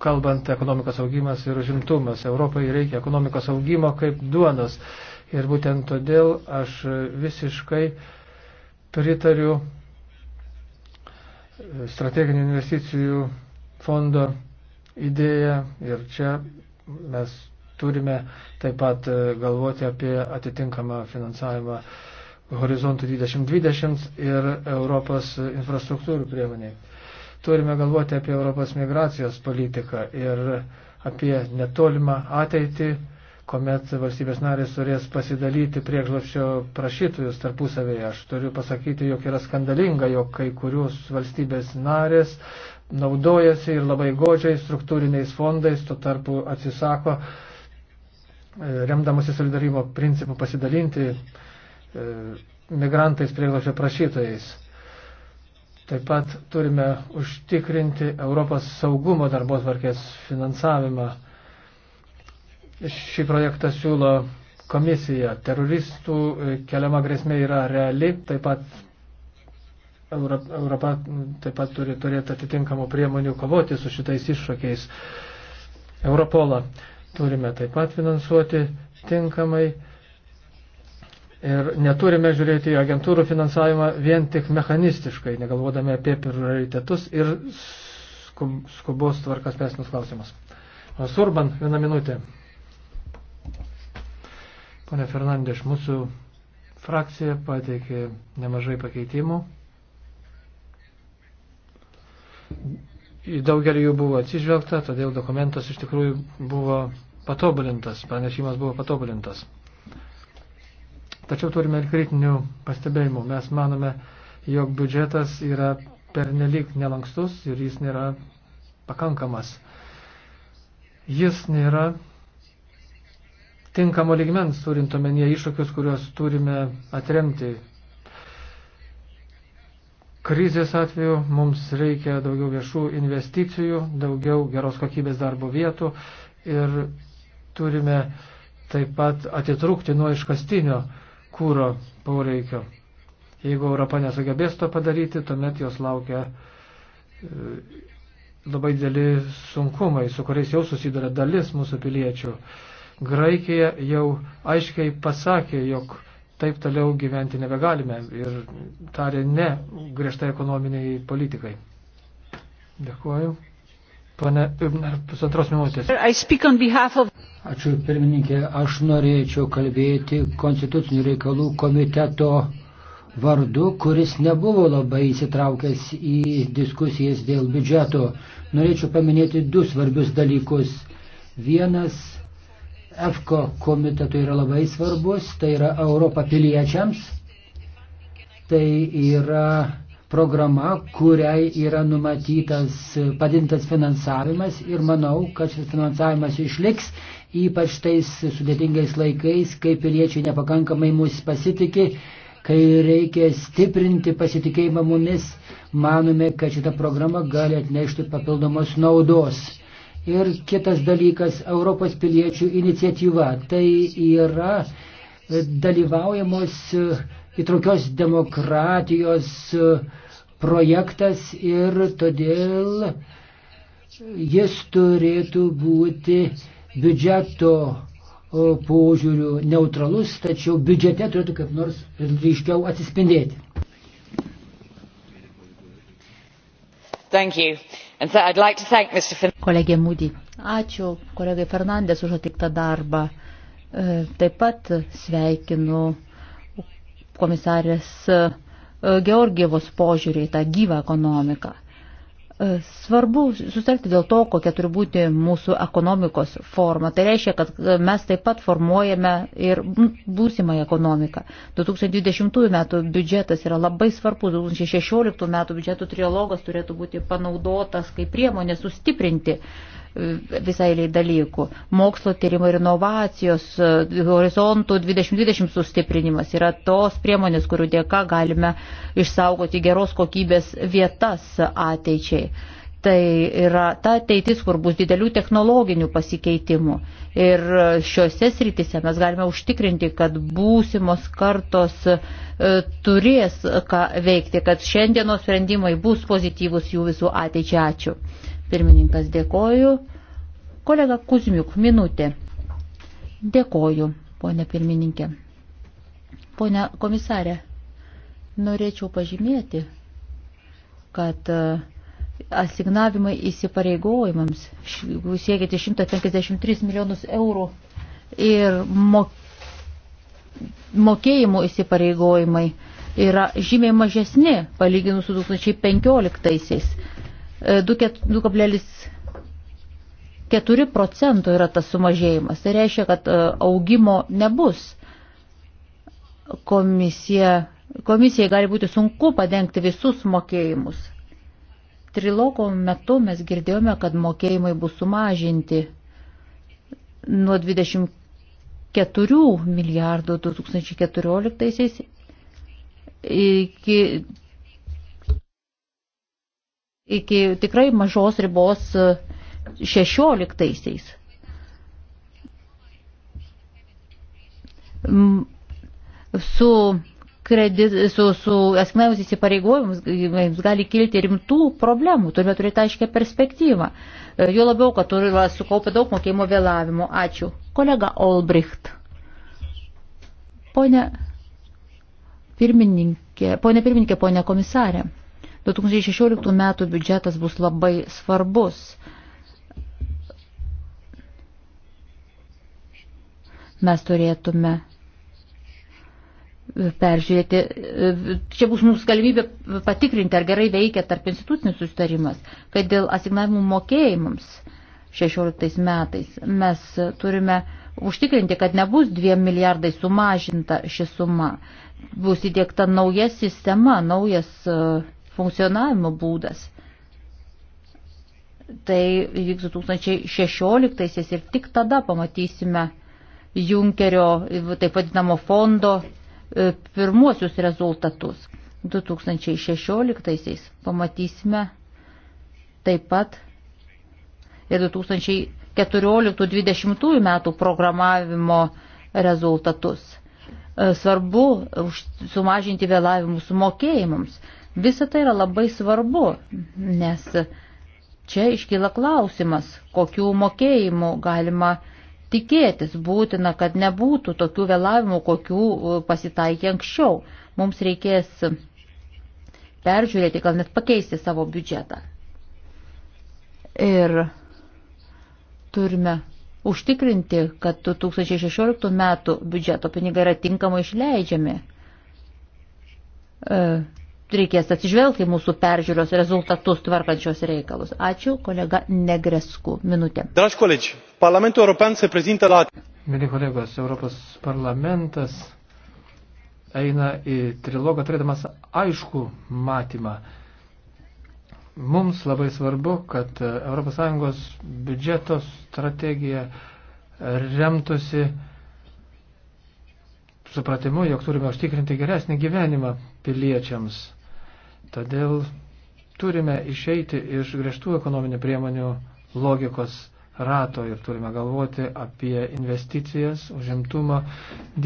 kalbant ekonomikos augimas ir užimtumas. Europai reikia ekonomikos augimo kaip duonos. Ir būtent todėl aš visiškai pritariu strateginių investicijų fondo idėją ir čia mes turime taip pat galvoti apie atitinkamą finansavimą horizontų 2020 ir Europos infrastruktūrų priemoniai. Turime galvoti apie Europos migracijos politiką ir apie netolimą ateitį kuomet valstybės narės turės pasidalyti prieglopščio prašytojus tarpusavėje. Aš turiu pasakyti, jog yra skandalinga, jog kai kurios valstybės narės naudojasi ir labai godžiai struktūriniais fondais, tuo tarpu atsisako, e, remdamasi solidarimo principų, pasidalinti e, migrantais prieglopščio prašytojais. Taip pat turime užtikrinti Europos saugumo darbos varkės finansavimą šį projektą siūlo komisija. Teroristų keliama grėsmė yra reali, taip pat Europa taip pat turi turėti atitinkamų priemonių kovoti su šitais iššūkiais. Europolą turime taip pat finansuoti tinkamai ir neturime žiūrėti į agentūrų finansavimą vien tik mechanistiškai, negalvodami apie prioritetus ir skubos tvarkas mesnus klausimus. Surban, vieną minutę. Pone Fernandeš, mūsų frakcija pateikė nemažai pakeitimų. Į daugelį jų buvo atsižvelgta, todėl dokumentas iš tikrųjų buvo patobulintas, pranešimas buvo patobulintas. Tačiau turime ir kritinių pastebėjimų. Mes manome, jog biudžetas yra pernelyg nelankstus ir jis nėra pakankamas. Jis nėra tinkamo ligmens, turint omenyje iššūkius, kuriuos turime atremti. Krizės atveju mums reikia daugiau viešų investicijų, daugiau geros kokybės darbo vietų ir turime taip pat atitrūkti nuo iškastinio kūro poreikio. Jeigu Europa nesugebės to padaryti, tuomet jos laukia e, labai dideli sunkumai, su kuriais jau susiduria dalis mūsų piliečių. Graikija jau aiškiai pasakė, jog taip toliau gyventi nebegalime ir tarė ne griežtai ekonominiai politikai. Dėkuoju. Pane Ibner, pusantros minutės. Of... Ačiū pirmininkė, aš norėčiau kalbėti konstitucinių reikalų komiteto vardu, kuris nebuvo labai įsitraukęs į diskusijas dėl biudžeto. Norėčiau paminėti du svarbius dalykus. Vienas EFKO komitetui yra labai svarbus, tai yra Europa piliečiams, tai yra programa, kuriai yra numatytas padintas finansavimas ir manau, kad šis finansavimas išliks, ypač tais sudėtingais laikais, kai piliečiai nepakankamai mus pasitikė, kai reikia stiprinti pasitikėjimą mumis, manome, kad šita programa gali atnešti papildomos naudos. Ir kitas dalykas - Europos piliečių iniciatyva. Tai yra dalyvaujamos e, įtraukios demokratijos e, projektas ir todėl jis turėtų būti biudžeto požiūrių neutralus, tačiau biudžete turėtų kaip nors ryškiau atsispindėti. Thank you. So like Kolegė Mūdį, ačiū kolegai Fernandės už atliktą darbą. E, taip pat sveikinu komisarės e, Georgievos požiūrį į tą gyvą ekonomiką. E, svarbu sutarti dėl to, kokia turi būti mūsų ekonomikos forma. Tai reiškia, kad e, mes taip pat formuojame ir būsimą ekonomiką. 2020 metų biudžetas yra labai svarbus. 2016 metų biudžeto trialogas turėtų būti panaudotas kaip priemonė sustiprinti uh, visai eilė dalykų. Mokslo tyrimo ir inovacijos, e, horizontų 2020 sustiprinimas yra tos priemonės, kurių dėka galime išsaugoti geros kokybės vietas ateičiai. Tai yra ta ateitis, kur bus didelių technologinių pasikeitimų. Ir šiuose srityse mes galime užtikrinti, kad būsimos kartos e, turės ką veikti, kad šiandienos sprendimai bus pozityvus jų visų ateičiai. Ačiū. Pirmininkas dėkoju. Kolega Kuzmiuk, minutė. Dėkoju, ponė pirmininkė. Pone komisarė, norėčiau pažymėti, kad e, asignavimai įsipareigojimams siekėti 153 milijonus eurų ir mokėjimų įsipareigojimai yra žymiai mažesni palyginus su 2015. -aisiais. 2,4 e, procento yra tas sumažėjimas. Tai reiškia, kad e, augimo nebus. Komisija, komisijai gali būti sunku padengti visus mokėjimus. Triloko metu mes girdėjome, kad mokėjimai bus sumažinti nuo 24 milijardų 2014 iki iki tikrai mažos ribos 16-aisiais. E, su, kredit, su, su asignavimus įsipareigojimams gali kilti rimtų problemų, turime turėti aiškę perspektyvą. E, jo labiau, kad turime sukaupę daug mokėjimo vėlavimo. Ačiū. Kolega Olbricht. Pone pirmininkė, pone pirmininkė, pone komisarė. 2016 metų biudžetas bus labai svarbus. Mes turėtume peržiūrėti, čia bus mums galimybė patikrinti, ar gerai veikia tarp institucinis sustarimas, kad dėl asignavimų mokėjimams 16 metais mes turime užtikrinti, kad nebus 2 milijardai sumažinta ši suma. Bus įdėkta nauja sistema, naujas uh, funkcionavimo būdas. Tai vyks 2016 ir tik tada pamatysime Junkerio, taip vadinamo fondo, e, pirmuosius rezultatus. 2016 pamatysime taip pat ir 2014-2020 metų programavimo rezultatus. E, svarbu sumažinti vėlavimus mokėjimams. Visa tai yra labai svarbu, nes čia iškyla klausimas, kokių mokėjimų galima tikėtis. Būtina, kad nebūtų tokių vėlavimų, kokių e, pasitaikė anksčiau. Mums reikės peržiūrėti, gal net pakeisti savo biudžetą. Ir turime užtikrinti, kad 2016 metų biudžeto pinigai yra tinkamai išleidžiami. E, reikės atsižvelgti mūsų peržiūros rezultatus tvarkančios reikalus. Ačiū, kolega Negresku. Minutė. Dragi kolegi, Parlamentul European se prezintă la... Mėly kolegos, Europos parlamentas eina į trilogą turėdamas aišku matymą. Mums labai svarbu, kad ES biudžeto strategija remtųsi supratimu, jog turime užtikrinti geresnį gyvenimą piliečiams. Todėl turime išeiti iš griežtų ekonominių priemonių logikos rato ir turime galvoti apie investicijas, užimtumą,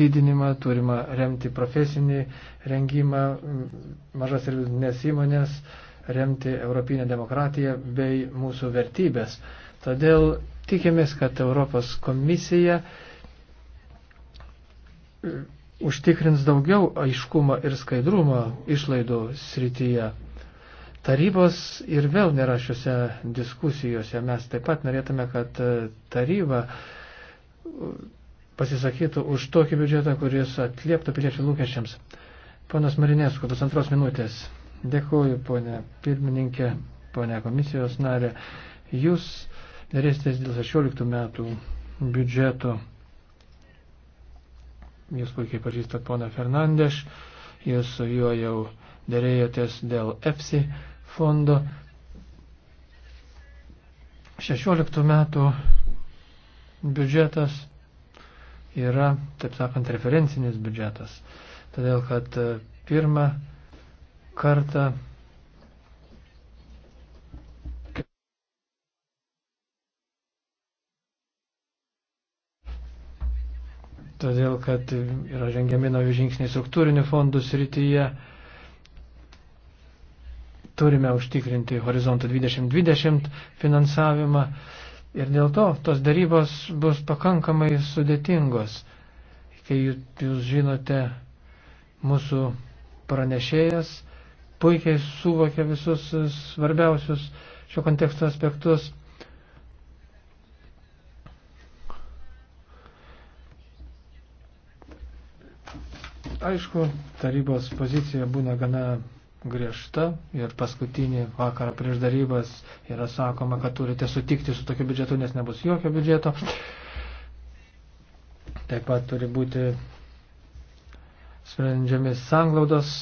didinimą, turime remti profesinį rengimą, mažas ir vidutinės įmonės, remti europinę demokratiją bei mūsų vertybės. Todėl tikimės, kad Europos komisija užtikrins daugiau aiškumo ir skaidrumo išlaidų srityje. Tarybos ir vėl nėra šiuose diskusijose. Mes taip pat norėtume, kad e, taryba e, pasisakytų už tokį biudžetą, kuris atlieptų piliečių lūkesčiams. Ponas Marinėsku, pusantros minutės. Dėkuoju, ponė pirmininkė, ponė komisijos narė. Jūs darėsitės dėl 16 metų biudžeto jūs puikiai pažįstat poną Fernandeš, jūs su juo jau dėrėjotės dėl EPSI fondo. 16 metų biudžetas yra, taip sakant, referencinis biudžetas, todėl kad e, pirmą kartą todėl kad yra žengiami nauji žingsniai struktūrinių fondų srityje. Turime užtikrinti horizontą 2020 finansavimą ir dėl to tos darybos bus pakankamai sudėtingos. Kai jūs žinote, mūsų pranešėjas puikiai suvokia visus svarbiausius šio konteksto aspektus. Aišku, tarybos pozicija būna gana griežta ir paskutinį vakarą prieš darybas yra sakoma, kad turite sutikti su tokiu biudžetu, nes nebus jokio biudžeto. Taip pat turi būti sprendžiami sanglaudos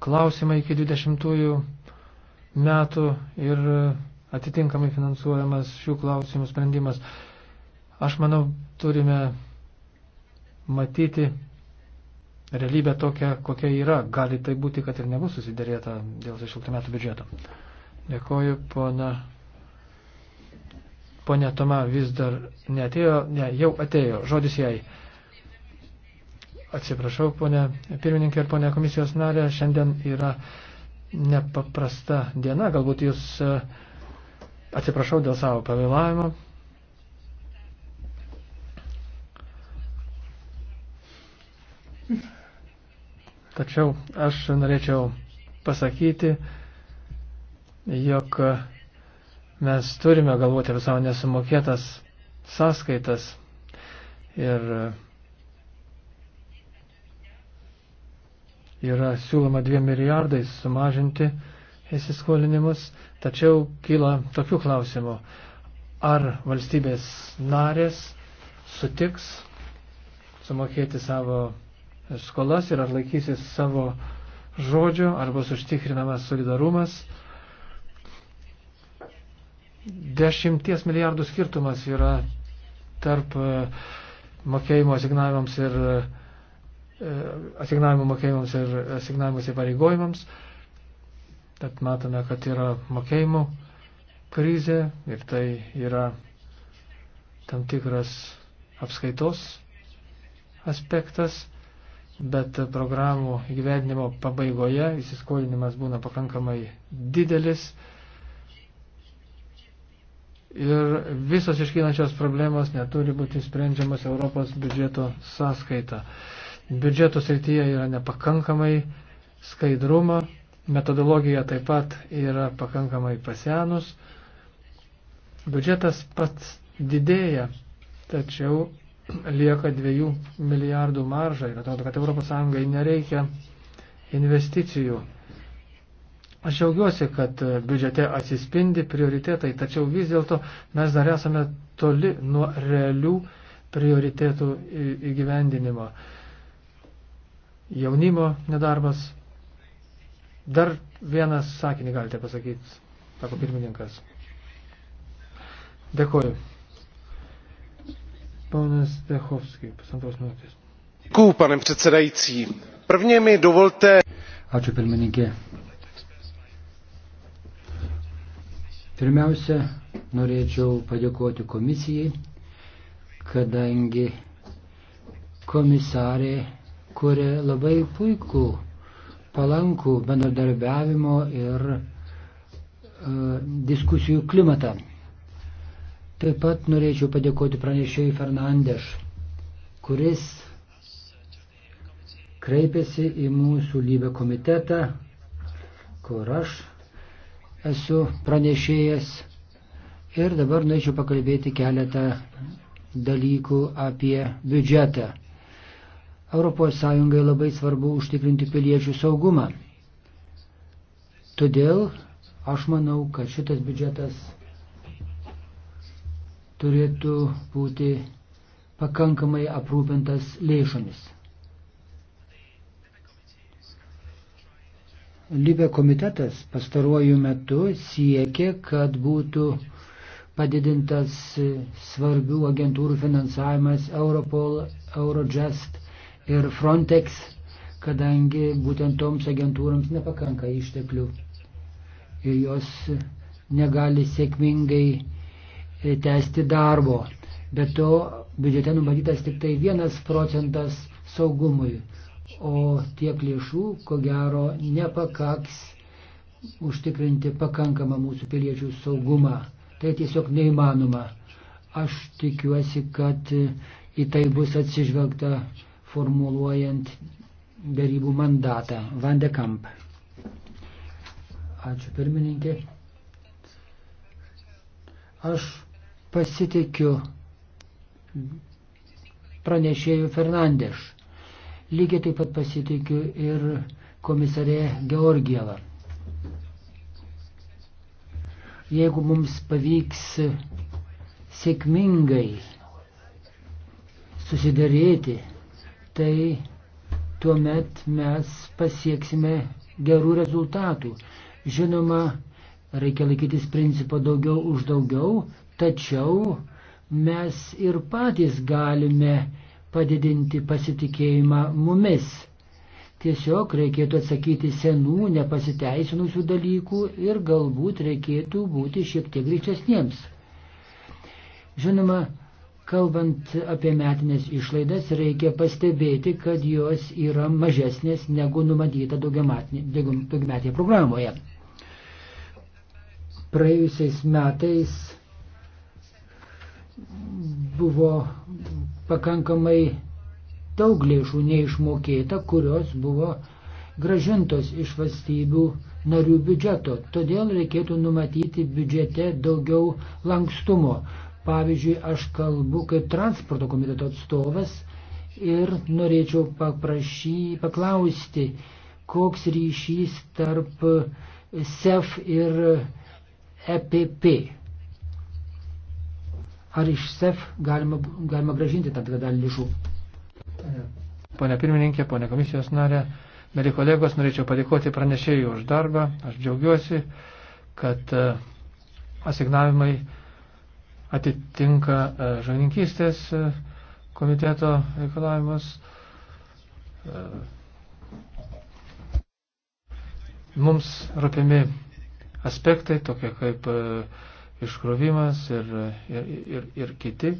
klausimai iki 20 metų ir atitinkamai finansuojamas šių klausimų sprendimas. Aš manau, turime matyti realybė tokia, kokia yra. Gali tai būti, kad ir nebus susidėrėta dėl 16 metų biudžeto. Dėkoju, pona. Pone Toma vis dar neatėjo, ne, jau atėjo, žodis jai. Atsiprašau, ponė pirmininkė ir ponė komisijos narė, šiandien yra nepaprasta diena, galbūt jūs, e, atsiprašau dėl savo pavėlavimo, Tačiau aš norėčiau pasakyti, jog mes turime galvoti apie savo nesumokėtas sąskaitas ir yra siūloma 2 milijardais sumažinti įsiskolinimus, tačiau kyla tokių klausimų. Ar valstybės narės sutiks sumokėti savo skolas ir ar laikysis savo žodžio, ar bus užtikrinamas solidarumas. Dešimties milijardų skirtumas yra tarp e, mokėjimo asignavimams ir e, e, asignavimų mokėjimams ir asignavimus įpareigojimams. Tad matome, kad yra mokėjimų krizė ir tai yra tam tikras apskaitos aspektas bet programų gyvenimo pabaigoje įsiskolinimas būna pakankamai didelis ir visos iškylančios problemos neturi būti sprendžiamas Europos biudžeto sąskaita. Biudžeto srityje yra nepakankamai skaidrumo, metodologija taip pat yra pakankamai pasenus. Biudžetas pats didėja, tačiau lieka 2 milijardų marža ir atrodo, kad ES nereikia investicijų. Aš jaugiuosi, kad biudžete atsispindi prioritetai, tačiau vis dėlto mes dar esame toli nuo realių prioritėtų įgyvendinimo. Jaunimo nedarbas. Dar vienas sakinį galite pasakyti, sako pirmininkas. Dėkuoju. Ponas Dechovskis, pusantros minutės. Kū, panem predsedající. Prvně mi dovolte. Ačiū pirmininkė. Pirmiausia, norėčiau padėkoti komisijai, kadangi komisarė kuria labai puikų, palankų bendradarbiavimo ir e, diskusijų klimatą. Taip pat norėčiau padėkoti pranešėjai Fernandeš, kuris kreipėsi į mūsų lybę komitetą, kur aš esu pranešėjas. Ir dabar norėčiau pakalbėti keletą dalykų apie biudžetą. ES labai svarbu užtikrinti piliečių saugumą. Todėl aš manau, kad šitas biudžetas turėtų būti pakankamai aprūpintas lėšomis. Libė komitetas pastaruoju metu siekia, kad būtų padidintas svarbių agentūrų finansavimas Europol, Eurojust ir Frontex, kadangi būtent toms agentūrams nepakanka išteklių ir jos negali sėkmingai E, tęsti darbo. Bet to biudžete numatytas tik tai vienas procentas saugumui, o tiek lėšų, ko gero, nepakaks užtikrinti pakankamą mūsų piliečių saugumą. Tai tiesiog neįmanoma. Aš tikiuosi, kad į tai bus atsižvelgta formuluojant darybų mandatą. Vandekamp. Ačiū pirmininkė. Aš pasitikiu pranešėjų Fernandeš. Lygiai taip pat pasitikiu ir komisarė Georgieva. Jeigu mums pavyks sėkmingai susidarėti, tai tuomet mes pasieksime gerų rezultatų. Žinoma, reikia laikytis principo daugiau už daugiau, Tačiau mes ir patys galime padidinti pasitikėjimą mumis. Tiesiog reikėtų atsakyti senų, nepasiteisinusių dalykų ir galbūt reikėtų būti šiek tiek greičesniems. Žinoma, kalbant apie metinės išlaidas, reikia pastebėti, kad jos yra mažesnės negu numatyta daugiametėje programoje. Praėjusiais metais buvo pakankamai daug lėšų neišmokėta, kurios buvo gražintos iš valstybių narių biudžeto. Todėl reikėtų numatyti biudžete daugiau lankstumo. Pavyzdžiui, aš kalbu kaip transporto komiteto atstovas ir norėčiau paprašy, paklausti, koks ryšys tarp SEF ir EPP ar iš SEF galima, galima gražinti tam tikrą dalį lėšų. Pone pirmininkė, pone komisijos narė, mėly kolegos, norėčiau padėkoti pranešėjų už darbą. Aš džiaugiuosi, kad e, asignavimai atitinka e, žuvininkystės e, komiteto reikalavimus. Mums rūpimi aspektai, tokie kaip uh, iškrovimas ir, ir, ir, ir kiti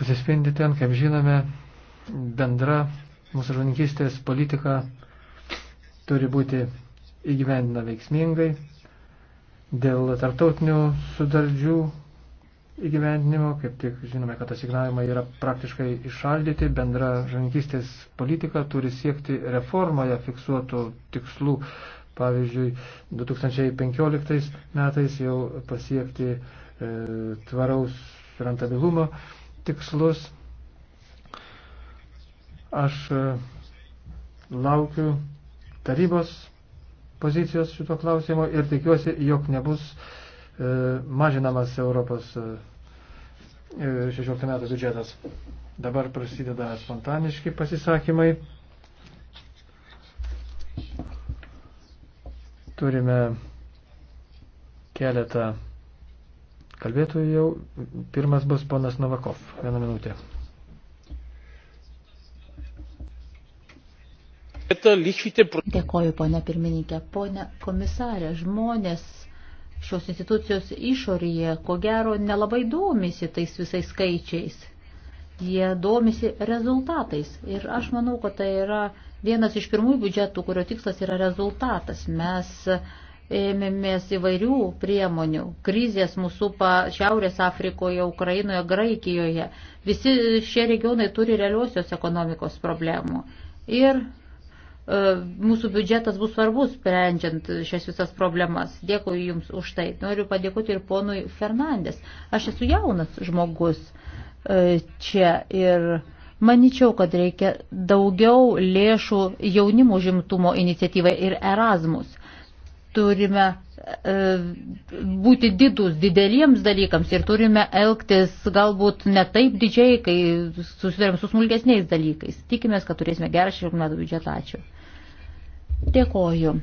atsispindi ten, kaip žinome, bendra mūsų žuvininkystės politika turi būti įgyvendina veiksmingai dėl tarptautinių sudardžių įgyvendinimo, kaip tik žinome, kad asignavimai yra praktiškai išaldyti, bendra žuvininkystės politika turi siekti reformoje fiksuotų tikslų pavyzdžiui, 2015 metais jau pasiekti e, tvaraus rentabilumo tikslus. Aš e, laukiu tarybos pozicijos šito klausimo ir tikiuosi, jog nebus e, mažinamas Europos e, 16 metų biudžetas. Dabar prasideda spontaniški pasisakymai. Turime keletą kalbėtojų jau. Pirmas bus ponas Novakov. Vieną minutę. Dėkoju, ponė pirmininkė. Pone komisarė, žmonės šios institucijos išorėje, ko gero, nelabai domisi tais visais skaičiais. Jie domisi rezultatais. Ir aš manau, kad tai yra vienas iš pirmųjų biudžetų, kurio tikslas yra rezultatas. Mes ėmėmės įvairių priemonių. Krizės mūsų pa Šiaurės Afrikoje, Ukrainoje, Graikijoje. Visi šie regionai turi realiosios ekonomikos problemų. Ir e, mūsų biudžetas bus svarbus, sprendžiant šias visas problemas. Dėkui Jums už tai. Noriu padėkoti ir ponui Fernandės. Aš esu jaunas žmogus e, čia ir Maničiau, kad reikia daugiau lėšų jaunimo žimtumo iniciatyvai ir Erasmus. Turime e, būti didus dideliems dalykams ir turime elgtis galbūt ne taip didžiai, kai susidurėm su smulkesniais dalykais. Tikimės, kad turėsime gerą šių metų biudžetą. Ačiū. Dėkoju.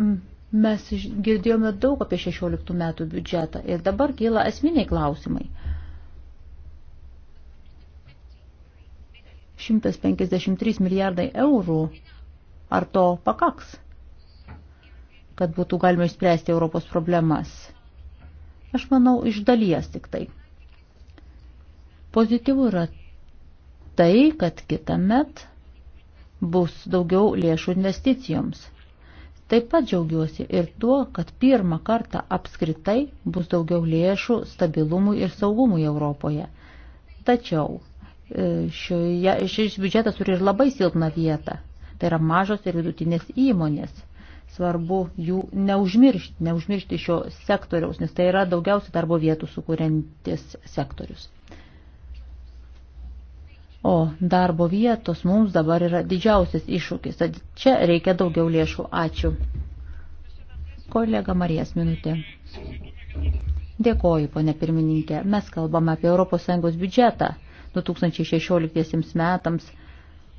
Mm. Mes girdėjome daug apie 16 metų biudžetą ir dabar kyla esminiai klausimai. 153 milijardai eurų, ar to pakaks, kad būtų galima išspręsti Europos problemas? Aš manau, iš dalies tik tai. Pozityvų yra tai, kad kitą met bus daugiau lėšų investicijoms. Taip pat džiaugiuosi ir tuo, kad pirmą kartą apskritai bus daugiau lėšų stabilumui ir saugumui Europoje. Tačiau e, šioje, šis biudžetas turi ir labai silpną vietą. Tai yra mažos ir vidutinės įmonės. Svarbu jų neužmiršti, neužmiršti šio sektoriaus, nes tai yra daugiausiai darbo vietų sukūrintis sektorius. O darbo vietos mums dabar yra didžiausias iššūkis, tad čia reikia daugiau lėšų. Ačiū. Kolega Marijas minutė. Dėkoju, ponė pirmininkė. Mes kalbame apie ES biudžetą 2016 metams,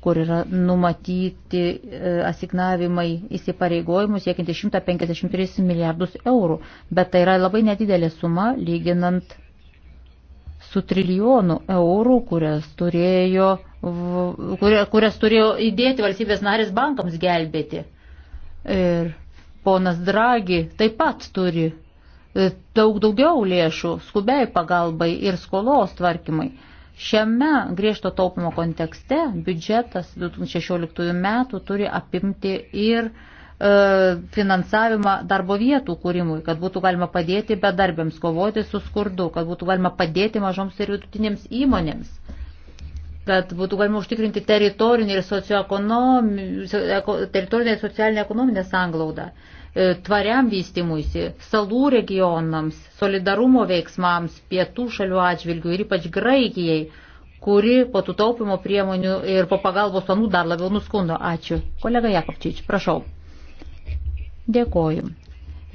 kur yra numatyti e, asignavimai įsipareigojimus siekinti 153 milijardus eurų, bet tai yra labai nedidelė suma lyginant su trilijonu eurų, kurias turėjo, kurias turėjo įdėti valstybės narės bankams gelbėti. Ir ponas Dragi taip pat turi e, daug daugiau lėšų skubiai pagalbai ir skolos tvarkymai. Šiame griežto taupimo kontekste biudžetas 2016 metų turi apimti ir uh, E, finansavimą darbo vietų kūrimui, kad būtų galima padėti bedarbiams kovoti su skurdu, kad būtų galima padėti mažoms ir vidutinėms įmonėms, kad būtų galima užtikrinti teritorinį ir teritorinę ir socialinę ekonominę sanglaudą, e, tvariam vystimuisi, salų regionams, solidarumo veiksmams, pietų šalių atžvilgių ir ypač Graikijai kuri po tų taupimo priemonių ir po pagalbos planų dar labiau nuskundo. Ačiū. Kolega Jakobčič, prašau. Dėkoju.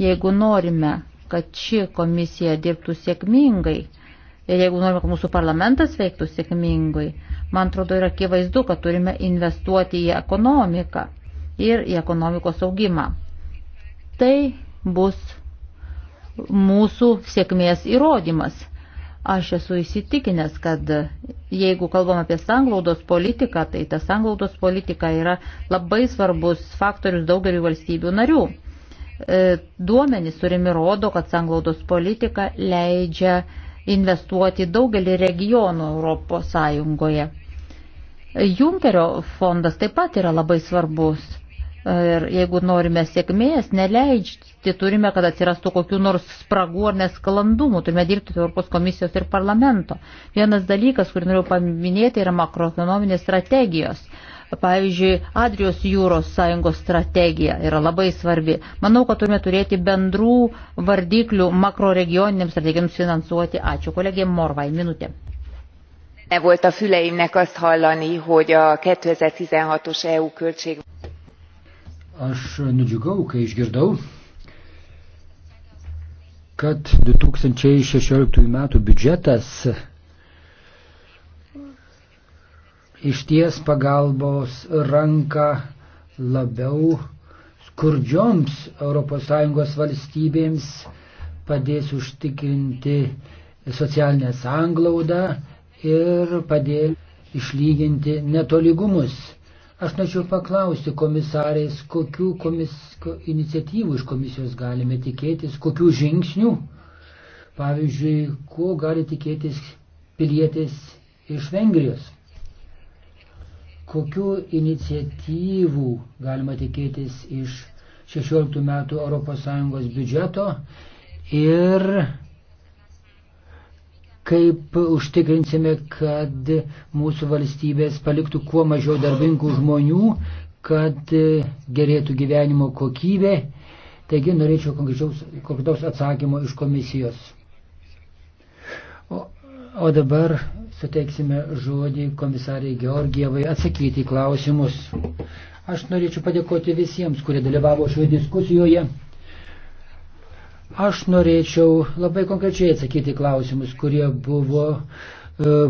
Jeigu norime, kad ši komisija dirbtų sėkmingai ir jeigu norime, kad mūsų parlamentas veiktų sėkmingai, man atrodo, yra akivaizdu, kad turime investuoti į ekonomiką ir į ekonomikos augimą. Tai bus mūsų sėkmės įrodymas. Aš esu įsitikinęs, kad jeigu kalbam apie sanglaudos politiką, tai ta sanglaudos politika yra labai svarbus faktorius daugeliu valstybių narių. E, duomenys turimi rodo, kad sanglaudos politika leidžia investuoti daugelį regionų Europos Sąjungoje. Junkerio fondas taip pat yra labai svarbus. Ir jeigu norime sėkmės, neleidžiti turime, kad atsirastų kokių nors spragų ar nesklandumų, turime dirbti Europos komisijos ir parlamento. Vienas dalykas, kurį noriu paminėti, yra makroekonominės strategijos. Pavyzdžiui, Adrijos jūros sąjungos strategija yra labai svarbi. Manau, kad turime turėti bendrų vardiklių makroregioniniams strategijams finansuoti. Ačiū, kolegė Morvai, minutė. Ne volt a füleimnek azt hallani, hogy a 2016-os EU költség... Aš nudžiugau, kai išgirdau, kad 2016 metų biudžetas išties pagalbos ranką labiau skurdžioms ES valstybėms, padės užtikrinti socialinę sanglaudą ir padės išlyginti netolygumus. Aš norėčiau paklausti komisarės, kokių komis, ko, iniciatyvų iš komisijos galime tikėtis, kokių žingsnių, pavyzdžiui, ko gali tikėtis pilietis iš Vengrijos. Kokių iniciatyvų galima tikėtis iš 16 metų ES biudžeto ir kaip užtikrinsime, kad mūsų valstybės paliktų kuo mažiau darbingų žmonių, kad gerėtų gyvenimo kokybė. Taigi norėčiau konkretaus atsakymo iš komisijos. O, o dabar suteiksime žodį komisariai Georgievai atsakyti į klausimus. Aš norėčiau padėkoti visiems, kurie dalyvavo šioje diskusijoje. Aš norėčiau labai konkrečiai atsakyti klausimus, kurie buvo e,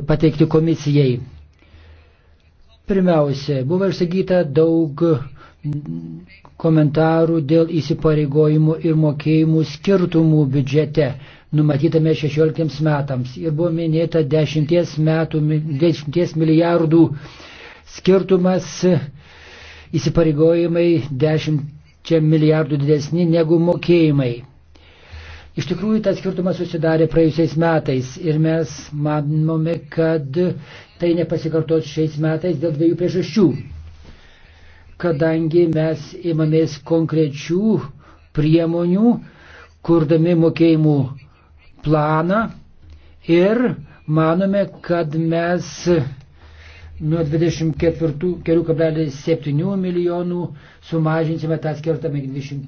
pateikti komisijai. Pirmiausia, buvo išsakyta daug komentarų dėl įsipareigojimų ir mokėjimų skirtumų biudžete numatytame 16 metams. Ir buvo minėta 10, metų, 10 milijardų skirtumas įsipareigojimai 10 milijardų didesni negu mokėjimai. Iš tikrųjų, tas skirtumas susidarė praėjusiais metais ir mes manome, kad tai nepasikartos šiais metais dėl dviejų priežasčių. Kadangi mes imamės konkrečių priemonių, kurdami mokėjimų planą ir manome, kad mes nuo 24,7 milijonų sumažinsime tą skirtą 20.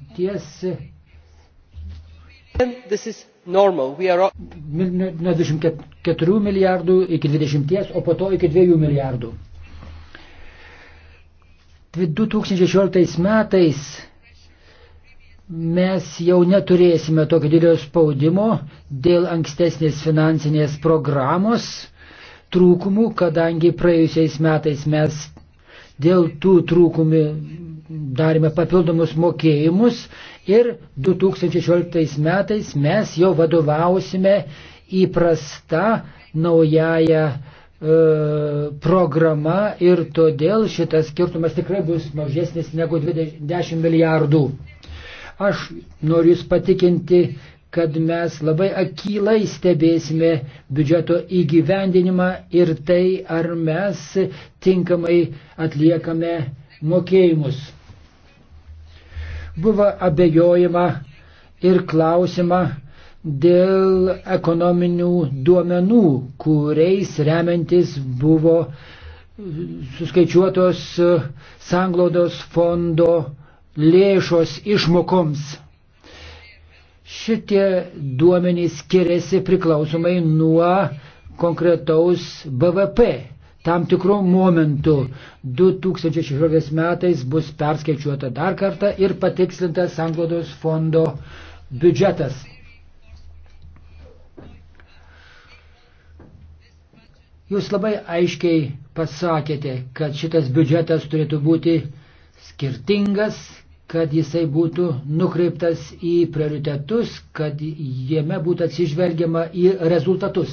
Are... Nuo 24 milijardų iki 20, o po to iki 2 milijardų. 2016 metais mes jau neturėsime tokio didelio spaudimo dėl ankstesnės finansinės programos trūkumų, kadangi praėjusiais metais mes dėl tų trūkumų darėme papildomus mokėjimus ir 2016 metais mes jau vadovausime įprasta naujaja e, programa ir todėl šitas skirtumas tikrai bus mažesnis negu 20 milijardų. Aš noriu Jūs patikinti, kad mes labai akylai stebėsime biudžeto įgyvendinimą ir tai, ar mes tinkamai atliekame mokėjimus. Buvo abejojama ir klausima dėl ekonominių duomenų, kuriais remiantis buvo suskaičiuotos sanglaudos fondo lėšos išmokoms. Šitie duomenys skiriasi priklausomai nuo konkretaus BVP. Tam tikrų momentų 2016 metais bus perskaičiuota dar kartą ir patikslintas Anglodos fondo biudžetas. Jūs labai aiškiai pasakėte, kad šitas biudžetas turėtų būti skirtingas, kad jisai būtų nukreiptas į prioritetus, kad jame būtų atsižvelgiama į rezultatus.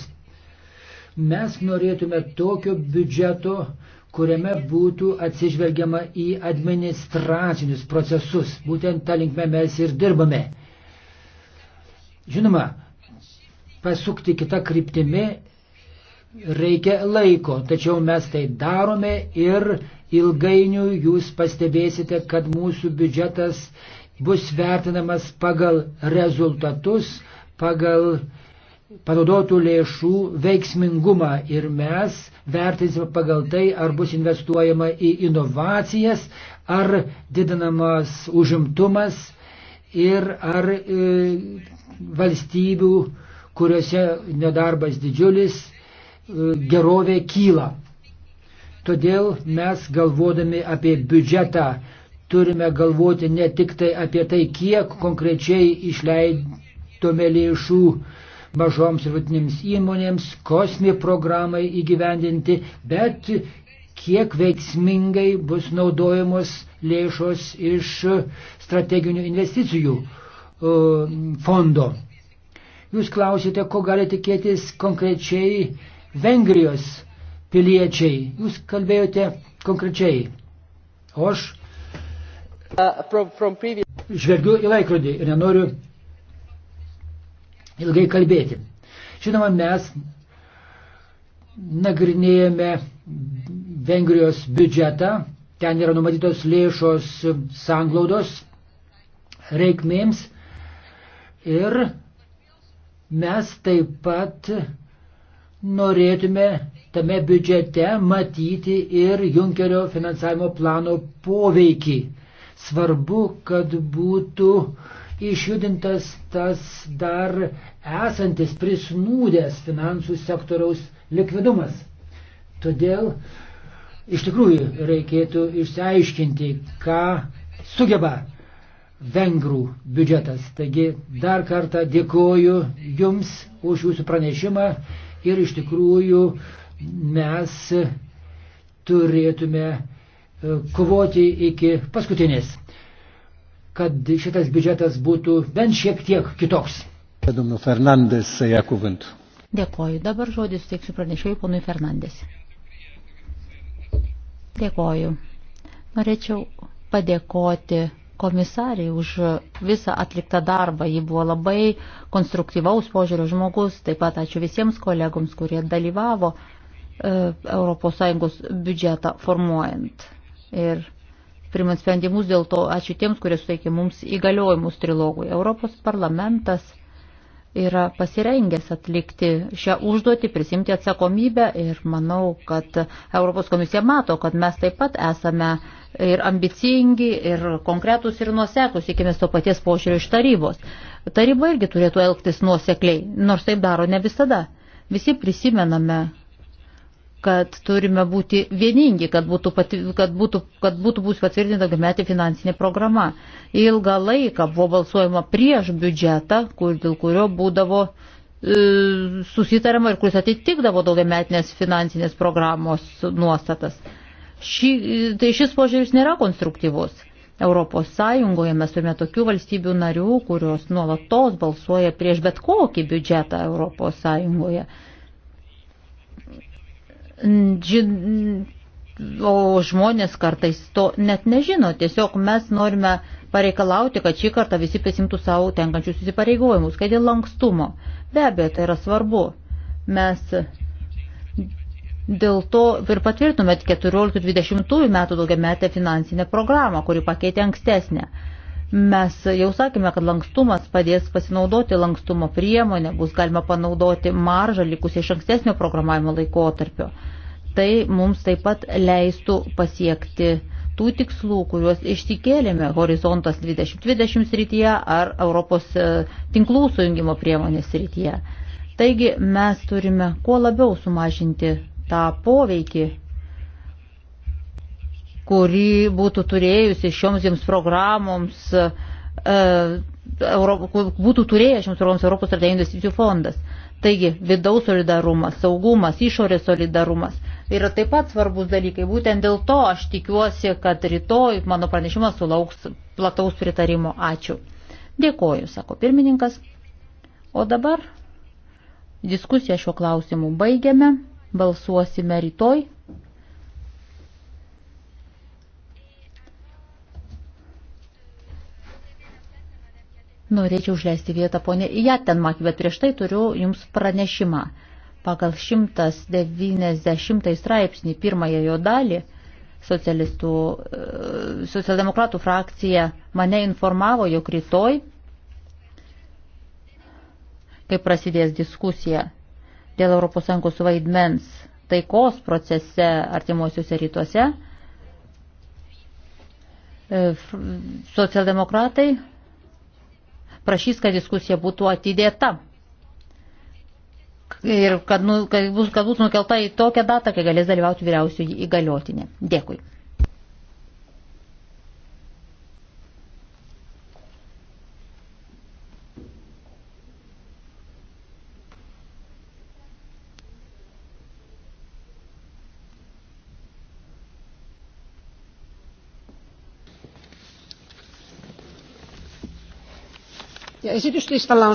Mes norėtume tokio biudžeto, kuriame būtų atsižvelgiama į administracinius procesus. Būtent tą linkmę mes ir dirbame. Žinoma, pasukti kitą kryptimį reikia laiko, tačiau mes tai darome ir ilgainiui jūs pastebėsite, kad mūsų biudžetas bus vertinamas pagal rezultatus, pagal panaudotų lėšų veiksmingumą ir mes vertinsime pagal tai, ar bus investuojama į inovacijas, ar didinamas užimtumas ir ar e, valstybių, kuriuose nedarbas didžiulis, gerovė kyla. Todėl mes galvodami apie biudžetą turime galvoti ne tik tai apie tai, kiek konkrečiai išleidome lėšų mažoms ir vidutinėms įmonėms, kosmi programai įgyvendinti, bet kiek veiksmingai bus naudojamos lėšos iš strateginių investicijų e, fondo. Jūs klausite, ko gali tikėtis konkrečiai Vengrijos piliečiai. Jūs kalbėjote konkrečiai. O aš žvelgiu į laikrodį ir nenoriu ilgai kalbėti. Žinoma, mes nagrinėjame Vengrijos biudžetą, ten yra numatytos lėšos sanglaudos reikmėms ir mes taip pat norėtume tame biudžete matyti ir Junkerio finansavimo plano poveikį. Svarbu, kad būtų išjudintas tas dar esantis prisnūdęs finansų sektoriaus likvidumas. Todėl iš tikrųjų reikėtų išsiaiškinti, ką sugeba vengrų biudžetas. Taigi dar kartą dėkoju Jums už Jūsų pranešimą ir iš tikrųjų mes turėtume e, kovoti iki paskutinės, kad šitas biudžetas būtų bent šiek tiek kitoks. Dėkoju. Dabar žodis teiksiu pranešėjui ponui Fernandės. Dėkoju. Norėčiau padėkoti komisariai už visą atliktą darbą. Ji buvo labai konstruktyvaus požiūrio žmogus. Taip pat ačiū visiems kolegoms, kurie dalyvavo ES biudžetą formuojant. Ir primant sprendimus dėl to, ačiū tiems, kurie suteikė mums įgaliojimus trilogui. Europos parlamentas yra pasirengęs atlikti šią užduotį, prisimti atsakomybę ir manau, kad Europos komisija mato, kad mes taip pat esame ir ambicingi, ir konkretus, ir nuosekus, tikimės to paties požiūrio iš tarybos. Taryba irgi turėtų elgtis nuosekliai, nors taip daro ne visada. Visi prisimename kad turime būti vieningi, kad būtų, pati, kad būtų, kad būtų bus patvirtinta daugiametė finansinė programa. Ilgą laiką buvo balsuojama prieš biudžetą, kur, dėl kurio būdavo e, susitarama ir kuris atitikdavo daugiametinės finansinės programos nuostatas. Ši, tai šis požiūris nėra konstruktyvus. Europos Sąjungoje mes turime tokių valstybių narių, kurios nuolatos balsuoja prieš bet kokį biudžetą Europos Sąjungoje. Mm O žmonės kartais to net nežino. Tiesiog mes norime pareikalauti, kad šį kartą visi prisimtų savo tenkančius įsipareigojimus, kad dėl lankstumo. Be abejo, tai yra svarbu. Mes dėl to ir patvirtumet 14-20 metų daugiametę finansinę programą, kuri pakeitė ankstesnę. Mes jau sakėme, kad lankstumas padės pasinaudoti lankstumo priemonę, bus galima panaudoti maržą likusiai iš ankstesnio programavimo laikotarpio. Tai mums taip pat leistų pasiekti tų tikslų, kuriuos išsikėlėme horizontas 2020 srityje ar Europos e, tinklų sujungimo priemonės srityje. Taigi mes turime kuo labiau sumažinti tą poveikį kuri būtų turėjusi šioms jiems programoms, e, būtų turėję šioms programoms Europos strateginių investicijų fondas. Taigi, vidaus solidarumas, saugumas, išorės solidarumas yra taip pat svarbus dalykai. Būtent dėl to aš tikiuosi, kad rytoj mano pranešimas sulauks plataus pritarimo. Ačiū. Dėkoju, sako pirmininkas. O dabar diskusiją šiuo klausimu baigiame. Balsuosime rytoj Norėčiau užleisti vietą ponė Jatenmak, bet prieš tai turiu jums pranešimą. Pagal 190 straipsnį pirmąją jo dalį socialistų, e, socialdemokratų frakcija mane informavo, jog rytoj, kai prasidės diskusija dėl ES vaidmens taikos procese artimuosiuose rytuose, e, socialdemokratai prašys, kad diskusija būtų atidėta. Ir kad, nu, kad, bus, kad bus nukelta į tokią datą, kai galės dalyvauti vyriausiųjų įgaliotinė. Dėkui. esityslistalla on